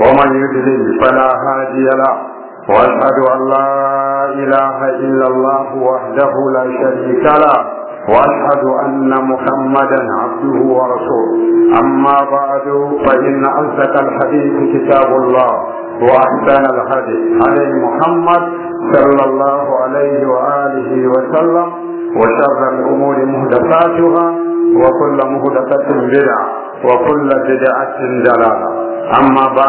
ومن يدلل فلا هادي له واشهد ان لا اله الا الله وحده لا شريك له واشهد ان محمدا عبده ورسوله اما بعد فان اصدق الحديث كتاب الله واحسن الحديث علي محمد صلى الله عليه واله وسلم وشر الامور محدثاتها وكل محدثه بدعه وكل بدعه دلاله amma ba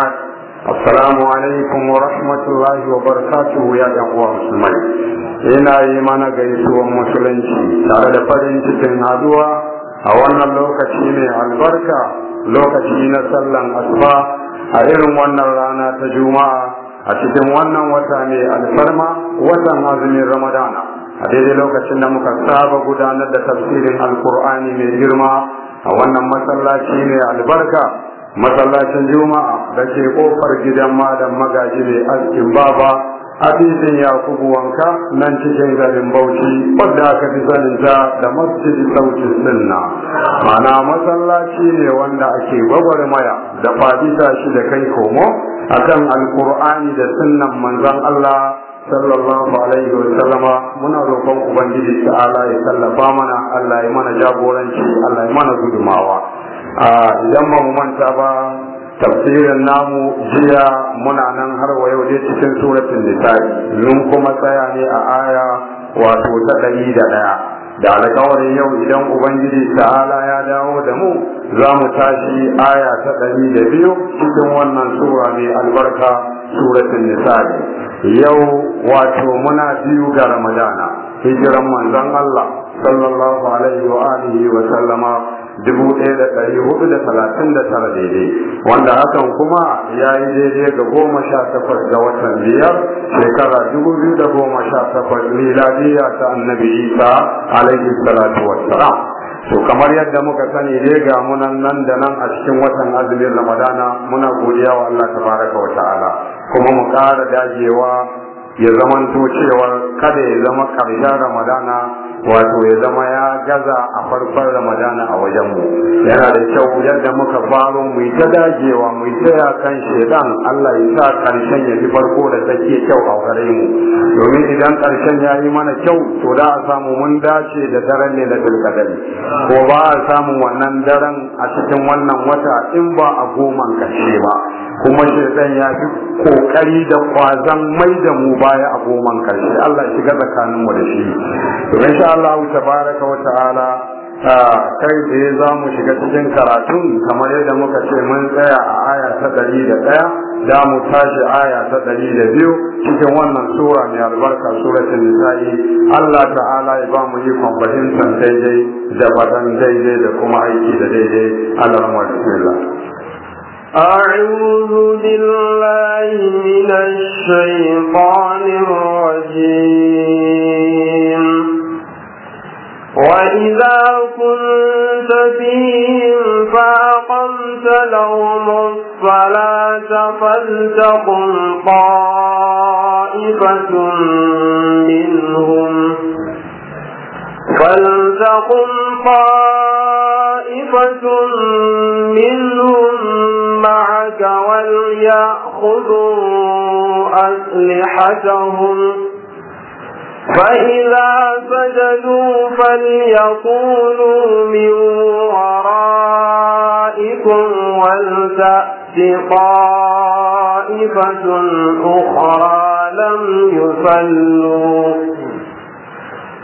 assalamu alaikum wa rahmatullahi wa barakatuhu ya dan uwa musulmai ina yi mana gaisuwan musulunci tare da farin cikin haduwa a wannan lokaci mai albarka lokaci na sallan asuba a irin wannan rana ta juma'a a cikin wannan wata mai alfarma watan azumin ramadana a daidai lokacin da muka saba gudanar da tafsirin alkur'ani mai girma a wannan masallaci mai albarka masallacin juma'a da ke kofar gidan Madan magaji ne askin baba a titin yakubu wanka nan cikin garin bauchi wadda aka fi saninta da masjidi sautin sunna mana masallaci ne wanda ake gwagwarmaya da fadita shi da kai komo akan alkur'ani da sunnan manzon allah sallallahu alaihi wa sallama muna roƙon ubangiji ta'ala ya sallafa mana allah ya mana jagoranci allah ya mana gudumawa idan ba mu manta ba tafsirin namu jiya muna nan har wa yau dai cikin suratun nisa'i mun kuma tsaya ne a aya wato ta ɗari da ɗaya da alƙawarin yau idan ubangiji ta'ala ya dawo da mu za mu tashi aya ta ɗari da biyu cikin wannan sura mai albarka suratun nisa'i yau wato muna biyu ga ramadana hijiran manzon Allah sallallahu alaihi wa alihi wa sallama dubu ɗaya da ɗari hudu da talatin da tara daidai wanda hakan kuma ya yi daidai ga goma sha takwas ga watan biyar shekara dubu biyu da goma sha takwas miladiya ta annabi isa alaihi salatu wassalam to kamar yadda muka sani dai ga munan nan da nan a cikin watan azumin ramadana muna godiya wa allah tabaraka wa ta'ala kuma mu ƙara dajewa ya zamanto cewa kada ya zama ƙarshen ramadana wato ya zama ya gaza a farkon ramadana a wajenmu yana da kyau yadda muka faro mu ta dajewa mu ta kan shedan Allah ya sa karshen ya fi farko da take kyau a wurare mu domin idan karshen ya yi mana kyau to da a samu mun dace da daren ne na dulkadari ko ba a samu wannan daren a cikin wannan wata in ba a goman karshe ba kuma shaitan ya fi kokari da kwazan mai da mu baya a goman karshe Allah shiga tsakanin wa da shi to insha Allah tabaraka wa ta'ala kai tsaye za mu shiga cikin karatun kamar yadda muka ce mun tsaya a aya ta ɗari da ɗaya da mu tashi aya ta ɗari da biyu cikin wannan sura mai albarka ta nisa'i Allah ta'ala ya ba mu yi fahimtar daidai da badan daidai da kuma aiki da daidai Allah bismillah أعوذ بالله من الشيطان الرجيم وإذا كنت فيهم فأقمت لهم الصلاة فلتقم طائفة منهم فلتقم طائفة منهم ذلك وليأخذوا أسلحتهم فإذا سجدوا فليقولوا من ورائكم ولتأت طائفة أخرى لم يصلوا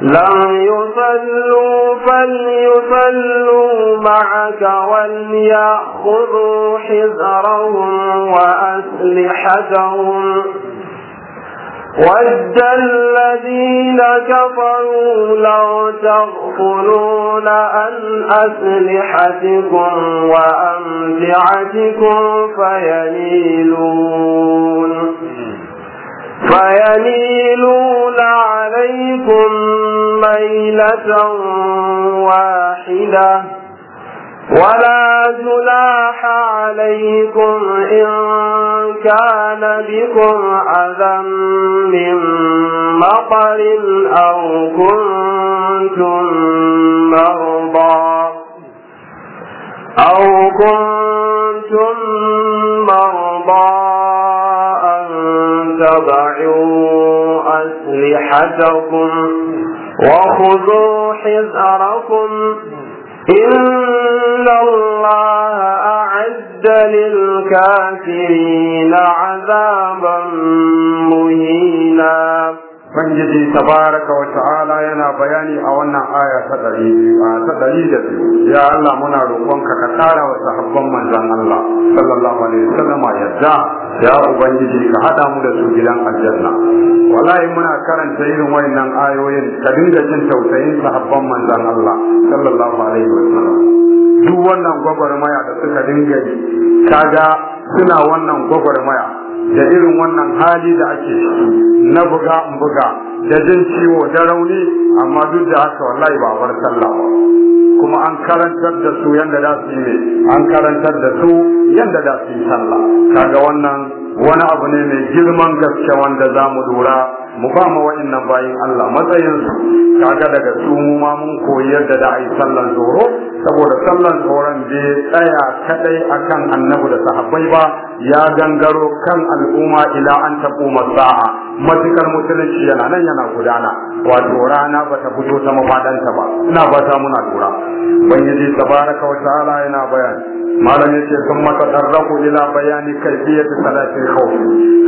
لم يصلوا فليصلوا معك وليأخذوا حذرهم وأسلحتهم ود الذين كفروا لو تغفلون عن أسلحتكم وأمتعتكم فيميلون فيميلون عليكم ميلة واحدة ولا جناح عليكم إن كان بكم أذى من مطر أو كنتم مرضى أو كنتم مرضى أن تضعوا أسلحتكم وخذوا حذركم إن الله أعد للكافرين عذابا مهينا ubangiji tabaraka wa ta'ala yana bayani a wannan aya ta A ta ɗari da biyu ya Allah muna roƙonka ka ƙara wa sahabban manzon Allah sallallahu alaihi wasallam yadda ya ubangiji ka hada mu da su gidan aljanna wallahi muna karanta irin wayannan ayoyin ka dinga jin tausayin sahabban manzon Allah sallallahu alaihi wasallam duk wannan gwagwarmaya da suka dinga yi kaga suna wannan gwagwarmaya da irin wannan hali da ake ciki na buga buga da jin ciwo da rauni amma duk da haka wallahi ba bar sallah ba kuma an karantar da su yanda da su yi an karantar da su yanda da su sallah kaga wannan wani abu ne mai girman gaske wanda za mu lura mu ba mu wa'annan bayin Allah matsayinsu kaga daga su mu ma mun koyi yadda da ai sallan zoro saboda sallan zoron bai tsaya kadai akan annabi da sahabbai ba ya gangaro kan al'umma ila an kuma sa'a matukar mutunci yana nan yana gudana wato rana ba ta fito ta mafadanta ba ina ba ta muna lura ubangiji tabaraka wa ta'ala yana bayani malam yace sun matatarraku ila bayani kayfiyati salatil khawf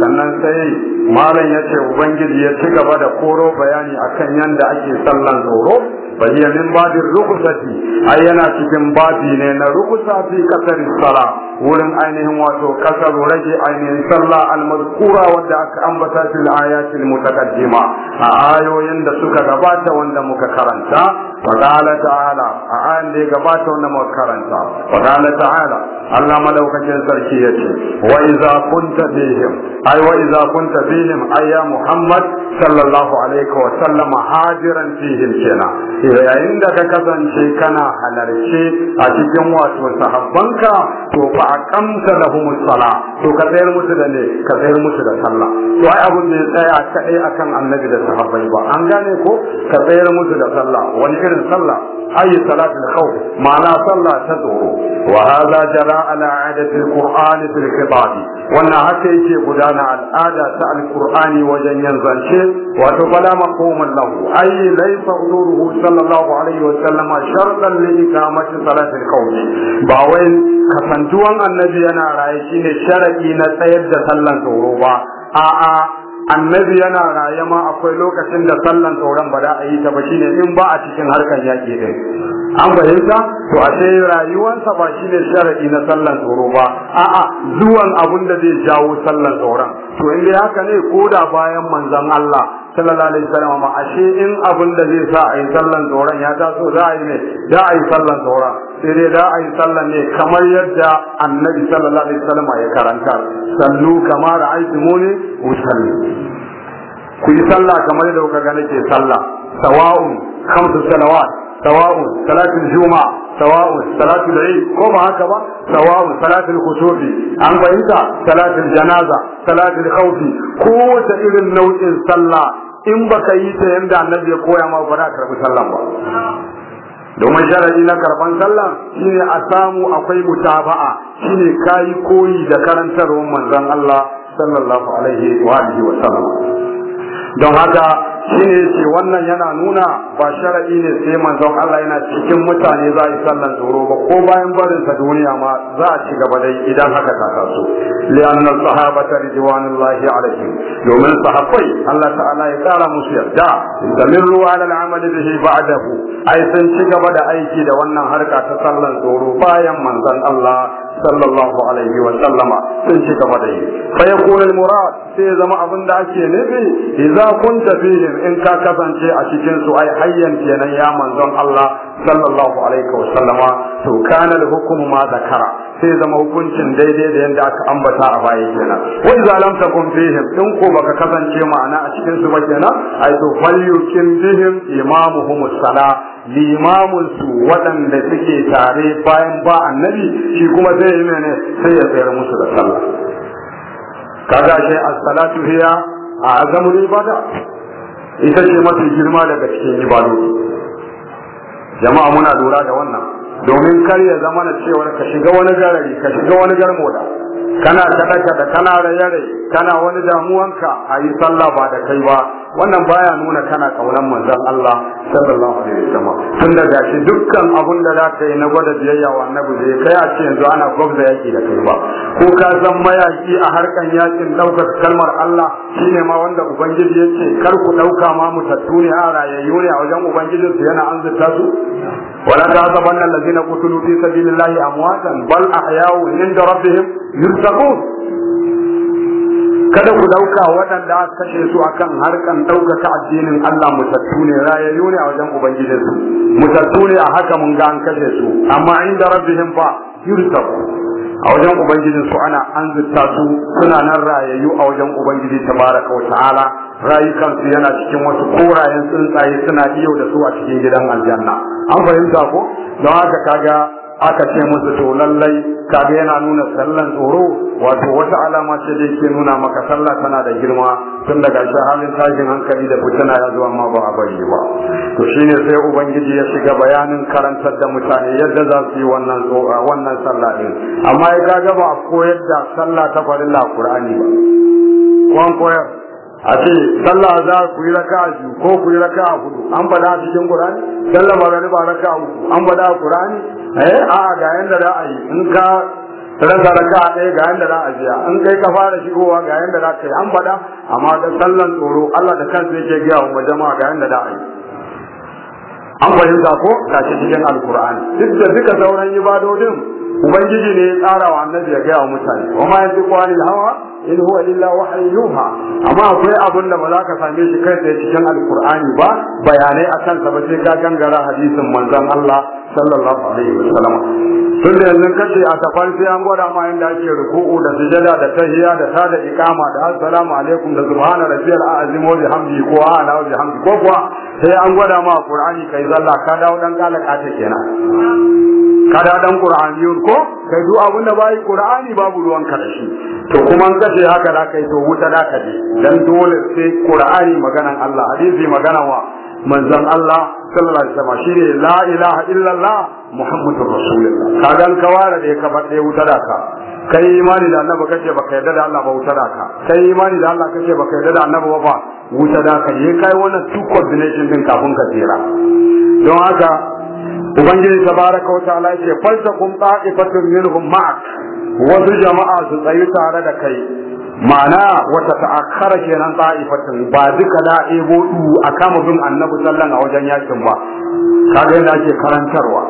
sannan sai malam yace ubangiji ya ci gaba da koro bayani akan yanda ake sallan tsoro Bayyanin badin min babir ai yana cikin babi ne na Rukusafi fi qasar sala wurin ainihin wato kasar rage ainihin sallah al wanda aka ambata fil ayatil mutaqaddima a ayoyin da suka gabata wanda muka karanta fa qala ta'ala a ayan da gabata wanda muka karanta fa qala ta'ala Allah madaukakin sarki yace wa idza kunta bihim ai wa idza kunta bihim ayya muhammad sallallahu alaihi wa sallama hajiran fihim kenan yayin da ka kasance kana halarce a cikin wato sahabbanka to fa aqamta lahum sala to ka tsayar musu da ne ka tsayar musu da sallah to ai abun ne tsaya kaɗai akan annabi da sahabbai ba an gane ko ka tsayar musu da sallah wani irin sallah ayi salatul khawf ma'ana sallah ta tsoro wa hadha jara ala adati alquran fil khitab wannan haka yake gudana al'ada ta alqur'ani wajen yin zance wato bala maqumul lahu ay laysa nuruhu sallallahu alaihi wa sallama shartan li ikamati salatil qawm ba wai kasantuwan annabi yana raye shine sharadi na tsayar da sallan tsoro ba a'a annabi yana raye ma akwai lokacin da sallan tauran ba za a yi ta ba shine in ba a cikin harkan yaƙi din an fahimta to ashe rayuwansa ba shine sharadi na sallan tsoro ba a'a zuwan abun da zai jawo sallan tauran to in dai haka ne ko da bayan manzon Allah sallallahu alaihi wasallam ma ashe in abun da zai sa a yi sallan tsoron ya taso za a yi ne da a yi sallan tsoron sai dai da a yi sallan ne kamar yadda annabi sallallahu alaihi wasallam ya karanta sallu kamar muni usalli ku yi sallah kamar yadda kuka ga nake sallah sawa'un khamsu salawat sawa'un salatul juma'a sawa'un salatul eid ko ba haka ba sawa'un salatul khusufi an fahimta salatul janaza salatul khawfi kowace irin nau'in sallah in ba ka yi ta yanda annabi ya koya ma ba za ka karɓi sallan ba domin sharadi na sallan sallah shine a samu akwai mutaba'a shine kayi koyi da karantarwar manzon Allah sallallahu alaihi wa wa sallam don haka shine yace wannan yana nuna ba sharadi ne sai manzon Allah yana cikin mutane za a yi sallan tsoro ba ko bayan barin sa duniya ma za a ci gaba dai idan haka ka taso li'an as-sahabata ridwanullahi alaihim domin sahabbai Allah ta'ala ya kara musu yarda da ala al-amal bihi ba'dahu ai sun ci gaba da aiki da wannan harka ta sallan tsoro bayan manzon Allah sallallahu alaihi wa sallama sun ci gaba da yi fa yakun al murad sai zama abin da ake nufi idza kunta fihim in ka kasance a cikin su ai hayyan kenan ya manzon Allah sallallahu alaihi wa sallama to kana ma zakara sai zama hukuncin daidai da yadda aka ambata a baya kenan wa idza lam takun fihim in ko baka kasance ma'ana a cikin su ba kenan ai to falyukin bihim imamuhum as-salah limamunsu waɗanda suke tare bayan ba annabi shi kuma zai yi mene sai ya tsayar musu da sallah kaga shi as-salatu hiya a azamul ibada ita ce mafi girma daga cikin ibadodi jama'a muna lura da wannan domin kar ya zama na cewa ka shiga wani garari ka shiga wani garmoda kana kada kada kana rayare kana wani damuwanka a yi sallah ba da kai ba wannan baya nuna kana kaunan manzon Allah sallallahu alaihi wasallam tun da gashi dukkan abun da zaka yi na gwada biyayya wa annabi zai kai a ce yanzu ana gwabza yaki da kai ba ko ka san mayaki a harkan yakin daukar kalmar Allah shine ma wanda ubangiji yace kar ku dauka ma mutattu ne a rayayyu ne a wajen ubangiji su yana anzuta su wala ta zabanna allazina qutilu fi sabilillahi amwatan bal ahya'u inda rabbihim yurzaqun kada ku dauka waɗanda aka kashe su akan harkan ɗaukaka addinin Allah mutattu ne rayayyu ne a wajen ubangijinsu, mutattu ne a haka mun ga an kashe su amma inda rabbihim fa yursab a wajen ubangijin ana an su suna nan rayayyu a wajen ubangiji tabaraka wa ta'ala rayukan su yana cikin wasu korayen tsuntsaye suna iyo da su a cikin gidan aljanna an fahimta ko don haka kaga aka ce musu to lallai kaga yana nuna sallan tsoro wato wata alama ce da yake nuna maka sallah tana da girma tun daga shi halin tashin hankali da fitina ya zo amma ba a bari ba to shine sai ubangiji ya shiga bayanin karantar da mutane yadda za su yi wannan wannan sallah din amma ya kaga ba a koyar da sallah ta farin Qur'ani ba kwan koyar a ce sallah za ku yi raka'a biyu ko ku yi raka'a hudu an bada cikin Qur'ani sallah ba ba raka'a uku an bada Qur'ani eh a ah, ga yanda za a yi in ka rasa raka ɗaya ga yanda za a jiya, in kai ka fara shigowa ga yanda za ka yi an faɗa amma da sallan tsoro Allah da kansa yake gaya wa jama'a ga yanda za a yi an fahimta ko ga cikin alkur'ani duk da duka sauran ibadodin ubangiji ne ya tsara wa annabi ya gaya wa mutane wa ma yanzu qawlil hawa in huwa illa wahyu yuha amma akwai abin da ba za ka same shi kai tsaye cikin alkur'ani ba bayanai a kansa ba sai ka gangara hadisin manzon Allah sallallahu alaihi wa sallam tun da yanzu kace a tafar sai an gwada ma yanda ake ruku'u da sujada da tahiyya da sada ikama da assalamu alaikum da subhana rabbiyal azim wa bihamdi ko ala wa bihamdi ko kuwa sai an gwada ma qur'ani kai zalla ka dawo dan kalaka ta kenan ka da dan qur'ani ko kai duk abin da bai qur'ani babu ruwan ka shi to kuma an kace haka da kai to wuta da ka dan dole sai qur'ani maganan Allah hadisi magana wa manzon Allah sallallahu alaihi wasallam shine la ilaha illallah muhammadur rasulullah kaga ka wara da ka bar wuta wuta daka kai imani da annabi kace baka yarda da Allah ba wuta daka kai imani da Allah kace baka yarda da annabi ba wuta daka ne kai wannan two coordination din kafin ka tsira don haka ubangiji tabaraka wa ta'ala yake falsakum ta'ifatun minhum ma'ak wasu jama'a su tsayi tare da kai ma'ana wata ta'akkara kenan ta'ifatin ba duka da du a kama bin annabi sallan a wajen yakin ba kaga yadda ake karantarwa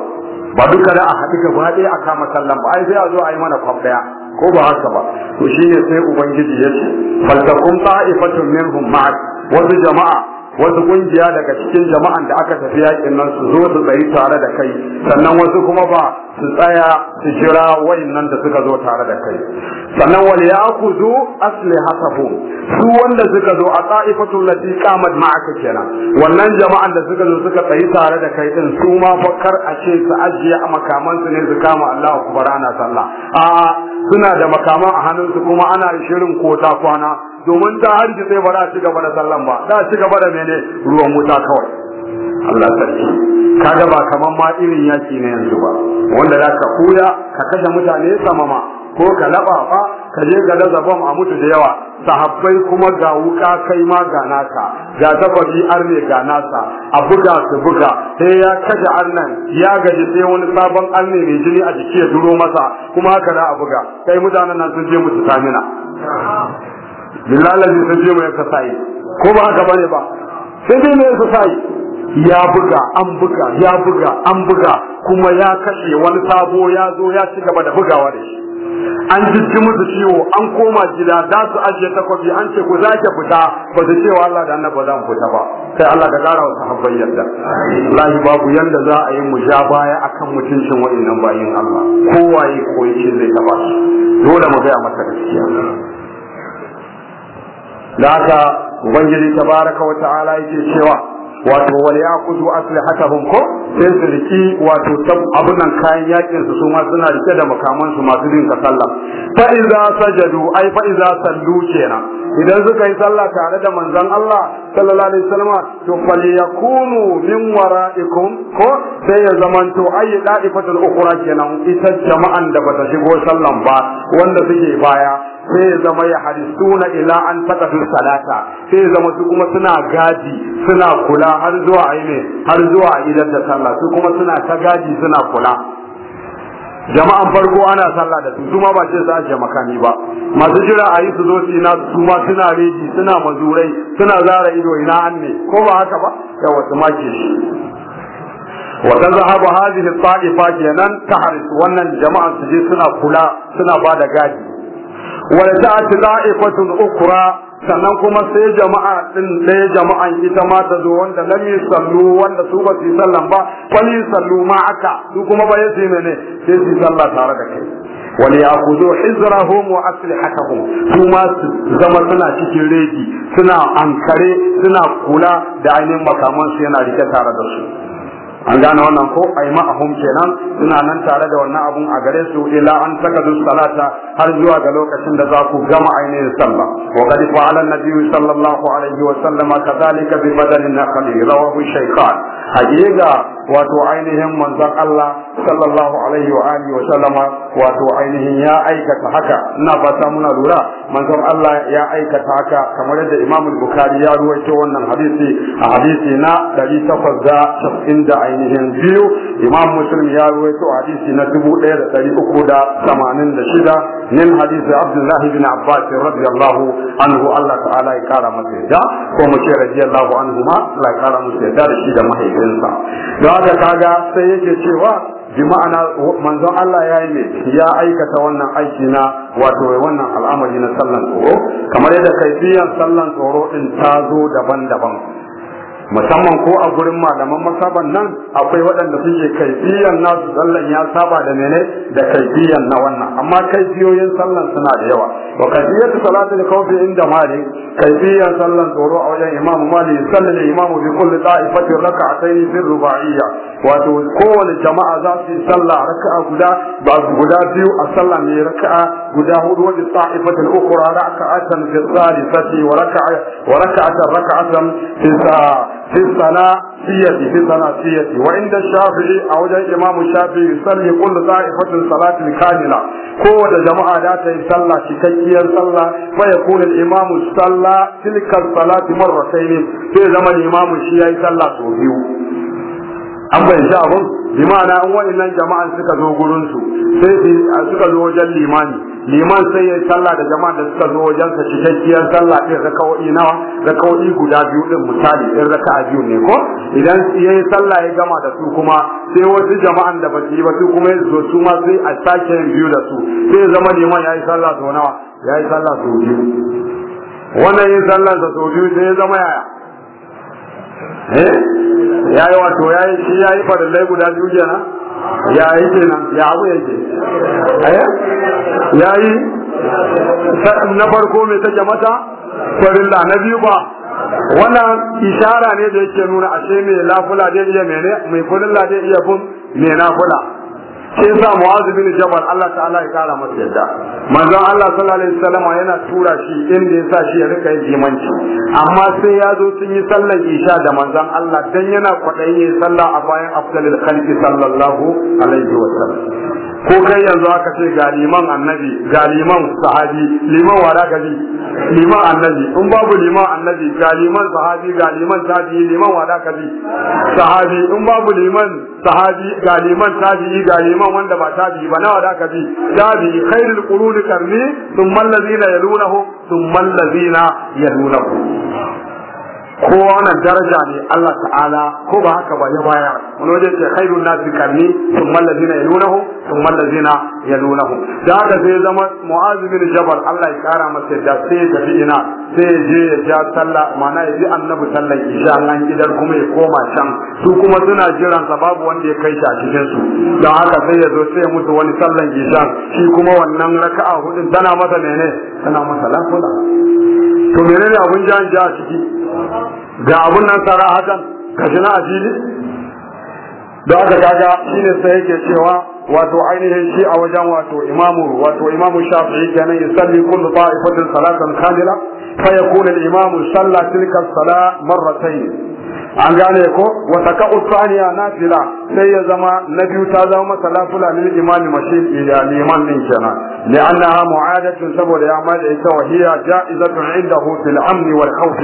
ba duka da a haɗu ga ɗaya a kama sallan ba ai sai a zo a yi mana kwaf ɗaya ko ba haka ba to shine sai ubangiji ya ce faltakum ta'ifatin minhum wasu jama'a wasu kungiya daga cikin jama'an da aka tafi yakin nan su zo su tsayi tare da kai sannan wasu kuma ba su tsaya su jira wayannan da suka zo tare da kai sannan wal ya'khudhu aslihatahu su wanda suka zo a ta'ifatul lati qamat ma'aka kenan wannan jama'an da suka zo suka tsayi tare da kai din su ma fa kar a ce su ajiye a makaman su ne su kama Allah akbar sallah a suna da makaman a hannunsu kuma ana shirin kota kwana domin da har ji sai ba za a gaba da sallan ba za a ci gaba da mene ruwan wuta kawai Allah sarki kaga ba kaman ma irin yaki na yanzu ba wanda zaka ka kuya ka kashe mutane samama ko ka laba fa ka je ga lazabam a mutu da yawa sahabbai kuma ga wuka kai ma ga naka ga tafafi arne ga nasa a buga su buga sai ya kashe annan ya gaji sai wani sabon arne mai jini a jiki ya duro masa kuma haka za a buga kai mutanen nan sun je mutu samina billahi sun je mai exercise ko ba haka bane ba sai dai mai ya buga an buga ya buga an buga kuma ya kashe wani sabo ya zo ya ci gaba da bugawa da shi an jijji musu ciwo an koma gida za su ajiye takobi an ce ku zake fita ba su cewa Allah da annabi mu fita ba sai Allah ka gara wa sahabbai yadda lahi babu yanda za a yi mu ja baya akan mutuncin wa'annan bayin Allah kowa yi koyi shi zai taba dole mu ga masa gaskiya da haka ubangiji tabaraka wa ta'ala yake cewa wato wal yaqudu aslihatahum ko sai su riki wato sab abun kayan yakin su ma suna rike da makaman su masu bin sallah fa idza sajadu ai fa idza sallu kenan idan suka yi sallah tare da manzon Allah sallallahu alaihi wasallam to fal yakunu min wara'ikum ko sai ya zaman to ayi da'ifatul ukhra kenan ita jama'an da bata shigo sallan ba wanda suke baya sai ya zama ya na ila an fi salata sai ya zama su kuma suna gadi suna kula har zuwa aine har zuwa idan da sallah su kuma suna ta gadi suna kula jama'an farko ana sallah da su su ma ba ce za a makami ba masu jira a yi su zo su ina su ma suna reji suna mazurai suna zara ido ina an ne ko ba haka ba ya wasu maki shi wannan tazhabu hadhihi at-ta'ifa kenan harisu wannan jama'an su je suna kula suna ba da gadi wa ta'ati da'ifatun ukra sannan kuma sai jama'a din ɗaya jama'an ita ma ta zo wanda lam sallu wanda su ba su sallan ba sallu ma aka su kuma ba yasi mene sai su sallah tare da kai wal ya'khudhu hizrahum wa aslihatahum su ma su zama suna cikin regi suna ankare suna kula da ainihin makaman su yana rike tare da su an gane wannan ko ai ma'ahum kenan suna nan tare da wannan abun a gare su ila an takadu salata har zuwa ga lokacin da za ku gama ainihin sallah wa qad fa'ala an-nabiy sallallahu alaihi wa sallama kadhalika bi badalin naqli rawahu shaykhan haje ga wato ainihin manzon Allah sallallahu alaihi wa alihi wa sallama wato ainihin ya aikata haka ina fata muna lura manzon Allah ya aikata haka kamar yadda Imam Bukhari ya ruwaito wannan hadisi a hadisi na 890 da ainihin biyu Imam Muslim ya ruwaito hadisi na 1386 min hadisi Abdullah ibn Abbas radiyallahu anhu Allah ta'ala ya kara masa yadda ko mu ce radiyallahu anhu ma la kara masa yadda da shi da mahaifi ɗinsa da haka kaga sai yake cewa bi ma'ana manzon Allah ya yi ya aikata wannan aiki na wato wannan al'amari na sallan tsoro kamar yadda kaifiyar sallan tsoro din ta zo daban-daban musamman ko a gurin malaman masaban nan akwai waɗanda suke kaifiyan nasu sallan ya saba da mene da kaifiyan na wannan amma kaifiyoyin sallan suna da yawa wa kaifiyatu salatul khawfi inda malik kaifiyan sallan tsoro a wajen imamu mali, sallan da imamu bi kulli da'ifati raka'atayn fi ruba'iyya wato kowane jama'a za su yi sallah raka'a guda ba guda biyu a sallah ne raka'a guda hudu wa ta'ifatul ukhra raka'atan fi thalithati wa raka'a wa raka'atan raka'atan fi sa'a في الصلاة في الصلاة في وعند الشافعي أو جاء إمام الشافعي يصلي كل طائفة الصلاة الكاملة قوة جماعة لا تصلى شكيا صلى ويكون الإمام صلى تلك الصلاة مرتين في زمن الإمام الشيعي صلى سوبيو أبا إن شاء الله بمعنى an إن jama'an سكتوا قرنسوا gurin su sai suka liman sai ya sallah da jama'a da suka zo wajen sa cikakkiyar sallah din rakawoyi nawa rakawoyi guda biyu din misali in raka'a biyu ne ko idan yi sallah ya gama da su kuma sai wasu jama'an da ba su yi ba su kuma zo su ma sai a sake biyu da su sai zama liman yi sallah sau nawa yi sallah sau biyu wannan yin sallan sa sau biyu sai ya zama yaya eh yayi wato yayi shi yayi farillai guda biyu kenan ya yi kenan ya abu yake aya eh? na farko mai take mata la na biyu ba wannan ishara ne da yake nuna ashe mai lafula zai iya mai mai la zai iya bin mai nafula sai sa mu'azu bin Jabal Allah ta'ala ya kara masa yadda manzon Allah sallallahu alaihi wasallam yana tura shi inda ya sa shi ya rika yin jimanci amma sai ya zo sun yi sallar isha da manzon Allah dan yana kwadayin sallah a bayan afdalil khalqi sallallahu alaihi wasallam ko kai yanzu aka ce ga liman annabi ga liman sahabi liman wala ji, liman annabi in babu liman annabi ga liman sahabi ga liman tabi liman wala ji. sahabi in babu liman sahabi ga liman tabi ga liman wanda ba tabi ba na wala gabi tabi khairul quruni karni thumma allazina yalunahu thumma allazina yalunahu Ko wannan daraja ne Allah ta'ala ko ba haka ba ya baya wani waje ce khairun nasi karni sun mallazina ya nuna hun sun mallazina ya nuna da haka sai zama mu'azu bin jabal Allah ya kara masa yadda sai ya tafi ina sai ya je ya ja sallah ma'ana ya ji annabi sallan isha an gidan kuma ya koma can su kuma suna jiran sa babu wanda ya kai shi a cikin su don haka sai ya zo sai ya mutu wani sallan isha shi kuma wannan raka'a hudun tana masa mene tana masa lafiya to menene abun jan ja a ciki ga abun nan tsara hakan ka shi na fili da aka kaga shine sai yake cewa wato ainihin shi a wajen wato imamu wato imamu shafi'i kenan salli kullu ta'ifatin salatan kamila fa yakunu al-imamu salla tilka as-sala marratayn an gane ko wata ka usaniya na sai ya zama na biyu ta zama masa lafula lil imami mashi liman din kenan لأنها معادة سبب يعمل إيسا وهي جائزة عنده في الأمن والخوف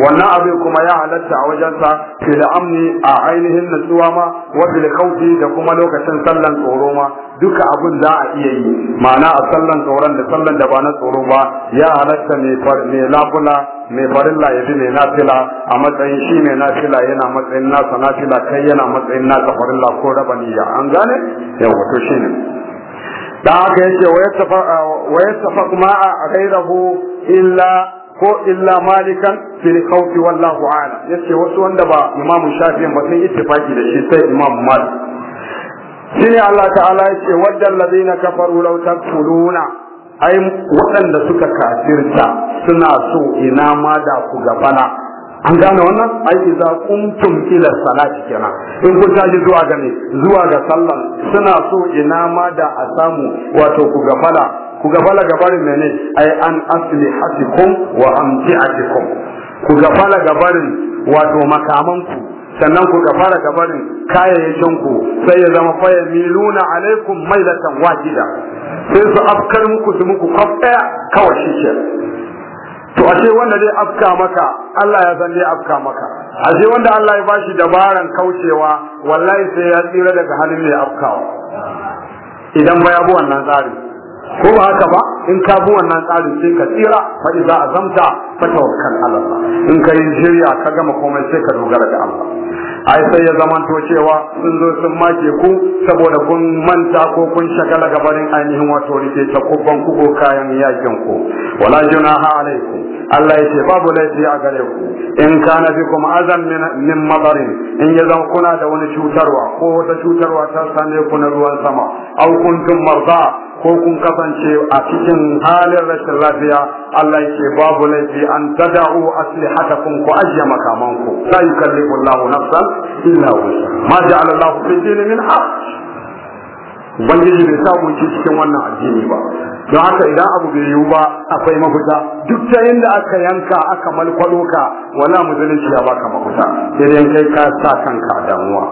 والنعب كما يعلت عوجنسا في الأمن أعينهن سواما وفي الخوف دكما لوكا سنسلا صوروما duka abun za a iya yi ma'ana a sallan tsoron da sallan da ba na tsoro ba ya halatta mai labula mai farilla ya mai nafila a matsayin shi mai nafila yana matsayin nasa nafila kai yana matsayin nasa farilla ko raba niyya an gane wato shi ne. da haka yace wa kuma a gairahu illa ko illa malikan fil khawfi wallahu ala yace wasu wanda ba imam shafi ba sun ittifaki da shi sai imam malik shine Allah ta'ala yace wadda ladina kafaru law takfuruna ai waɗanda suka kafirta suna so ina ma da ku gabana an gane wannan ai idza kuntum ila salati kenan in kun tashi zuwa ga me zuwa ga sallan suna so ina ma da a samu wato ku gafala ku gafala gabarin mene ai an aslihatikum wa amtiatikum ku gafala gabarin wato makamanku sannan ku gafala gabarin kayayyakinku sai ya zama fa miluna alaikum mailatan wahida sai su afkar muku su muku kwaf kawai shi to a ce wanda zai afka maka Allah ya san zai afka maka ashe wanda Allah ya bashi dabaran kaucewa wallahi sai ya tsira daga halin da ya afkawa idan ba ya bi wannan tsari ko ba haka ba in ka bi wannan tsarin sai ka tsira fa za azamta fa tawakkal ala Allah in ka yi shirya ka gama komai sai ka dogara ga Allah ai sai ya zamanto cewa sun zo sun make ku saboda kun manta ko kun shagala barin ainihin wato rike ta kubban ku ko kayan yakin ku wala junaha alaikum Allah ya ce babu laifi a gare ku in kana kuma azan min madari in ya zama kuna da wani cutarwa ko wata cutarwa ta same ku na ruwan sama au kuntum marda ko kun kasance a cikin halin rashin lafiya Allah yake babu laifi an tada'u aslihatakum ku ajiye makamanku la yukallifu Allahu nafsan illa wusa ma ja'ala Allahu fi dini min haq ubangiji bai sa mun cikin wannan addini ba don haka idan abu bai yiwu ba akwai mafita duk ta yadda aka yanka aka malkwalo ka wala musulunci ya baka mafita sai dai kai ka sa kanka a damuwa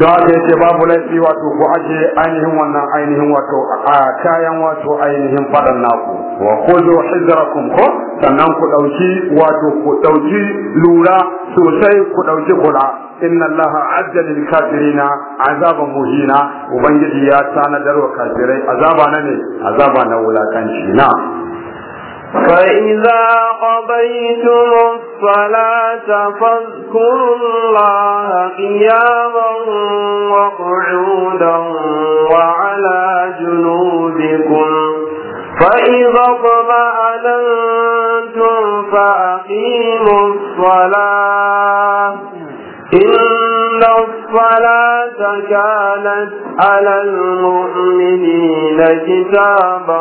don haka yace babu laifi wato ku aje ainihin wannan ainihin wato a kayan wato ainihin fadan naku wa khudhu hijrakum ko sannan ku dauki wato ku dauki lura sosai ku dauki kula inna allaha ajjal lil kafirina azaban muhina ubangiji ya tanadar wa kafirai azaba na ne azaba na wulakanci na فإذا قضيتم الصلاة فاذكروا الله قياما وقعودا وعلى جنوبكم فإذا اطمأننتم فأقيموا الصلاة إن الصلاة كانت على المؤمنين كتابا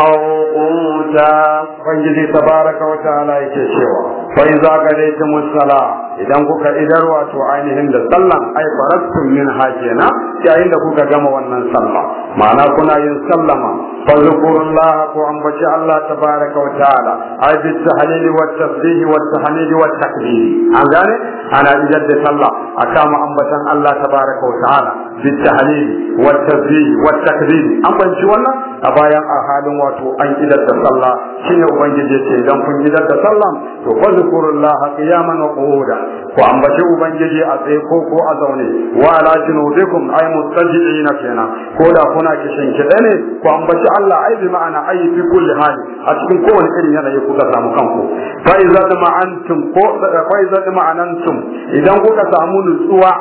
موقوتا فانجزي تبارك وتعالى يتشوى فإذا قديتم الصلاة idan kuka idar wato ainihin da sallan ai farattum min hajjina yayin da kuka gama wannan sallah ma'ana kuna yin sallama fadhkurullah ku ambaci Allah tabaraka wa ta'ala ai bi tahlili wa tasbihi wa an gane ana idan tsayar da sallah a kama ambatan Allah tabaraka wa ta'ala bit tahlil wa tasbih wa takbir an banci wannan a bayan a halin wato an idar da sallah shine ubangiji ce idan kun idar da sallah to fadhkurullaha qiyaman wa qu'uda ku ambaci ubangiji a tsaye ko ko a zaune wa ala junubikum ay mustajiina kenan ko da kuna kishin kida ne ku ambaci Allah ai bi ma'ana ai fi kulli hali a cikin kowane irin yanayi kuka samu kanku fa idza ma'antum ko fa idza ma'anantum idan idan kuka samu nutsuwa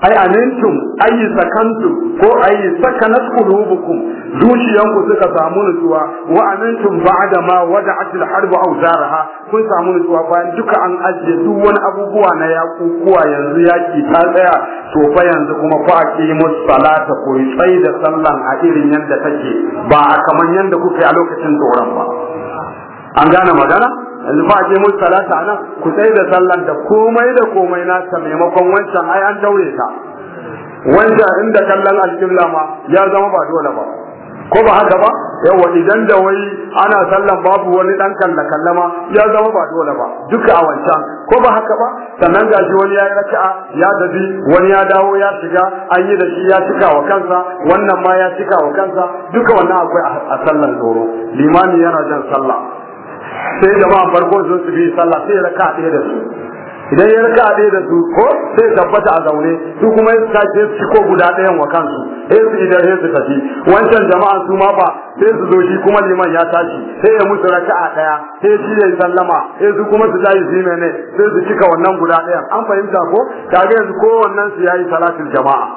ai amintum ayi sakantu ko ayi sakanat qulubukum zuciyanku suka samu nutsuwa wa amintum ba'da ma wada'at al-harb zaraha kun samu nutsuwa bayan duka an ajiye duk wani abubuwa na yakukuwa yanzu yaki ta tsaya to fa yanzu kuma fa aqimus salata ko tsai da sallan a irin yanda take ba kamar yanda kuke a lokacin tsoron ba an gane magana yanzu ba mun salata anan ku sai da sallan da komai da komai na ta maimakon wancan ai an daure ta wancan inda kallon alƙibla ma ya zama ba dole ba ko ba haka ba yawa idan da wai ana sallan babu wani dan kalla kallama ya zama ba dole ba duka a wancan ko ba haka ba sannan shi wani ya yi raka'a ya dabi wani ya dawo ya shiga an yi da shi ya cika wa kansa wannan ma ya cika wa kansa duka wannan akwai a sallan zoro. Limani yana jan sallah sai jama'an farko sun su bi sallah sai raka ɗaya da su idan ya raka ɗaya da su ko sai tabbata a zaune su kuma su tashi su ko guda ɗayan wa kansu sai su idan sai su tafi wancan jama'a su ma ba sai su zo shi kuma liman ya tashi sai ya musu a ɗaya sai shi ya yi sallama sai su kuma su tashi su ne sai su cika wannan guda ɗayan an fahimta ko kaga yanzu wannan su ya yi salatul jama'a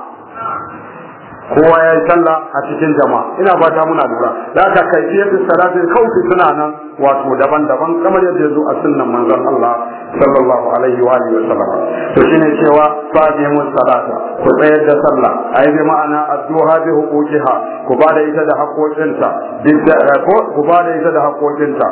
kowa ya yi sallah a cikin jama'a ina ba ta muna lura da aka kai iya salatin kawai suna nan wato daban-daban kamar yadda ya zo a sunnan manzon Allah sallallahu alaihi wa alihi sallam to shine cewa fadimu ku tsayar da sallah a yi ma'ana addu'a bi huquqiha ku ba da ita da haƙoƙinta eh, ku ba da ita da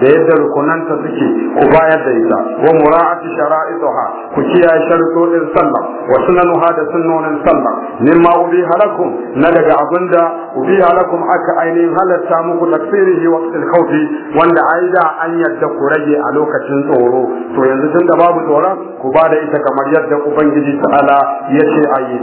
yadda rukunanta suke ku bayar da ita wa mura'ati shara'itaha ku kiyaye shartotin sallah wa sunanuha da sunnonin sallah min ma ubi halakum na daga abinda ubi halakum aka ainihin halarta muku taksirihi wa tsirkauti wanda ayi da an yadda ku rage a lokacin tsoro to yanzu tun da babu tsoron ku ba da ita kamar yadda ubangiji ta'ala ya ce a yi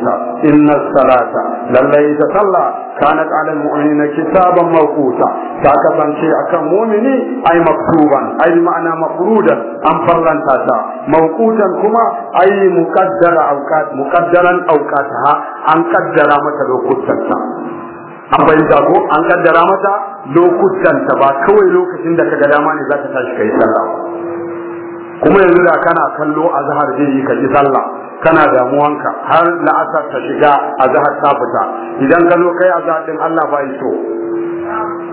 inna salata lallai ta sallah kana kana mu'minina kitaban mawquta ta kasance akan mu'mini ai maktuban ai ma'ana mafrudan an farlanta ta mawqutan kuma ai muqaddara awqat muqaddaran awqataha an kaddara mata lokutan ta an fahimta ko an kaddara mata lokutan ta ba kawai lokacin da kaga dama ne za ta tashi kai sallah kuma yanzu da kana kallo a zahar zai ka ji sallah kana damuwanka har la'asar ta shiga a zahar ta fita idan ka zo kai a din Allah ba so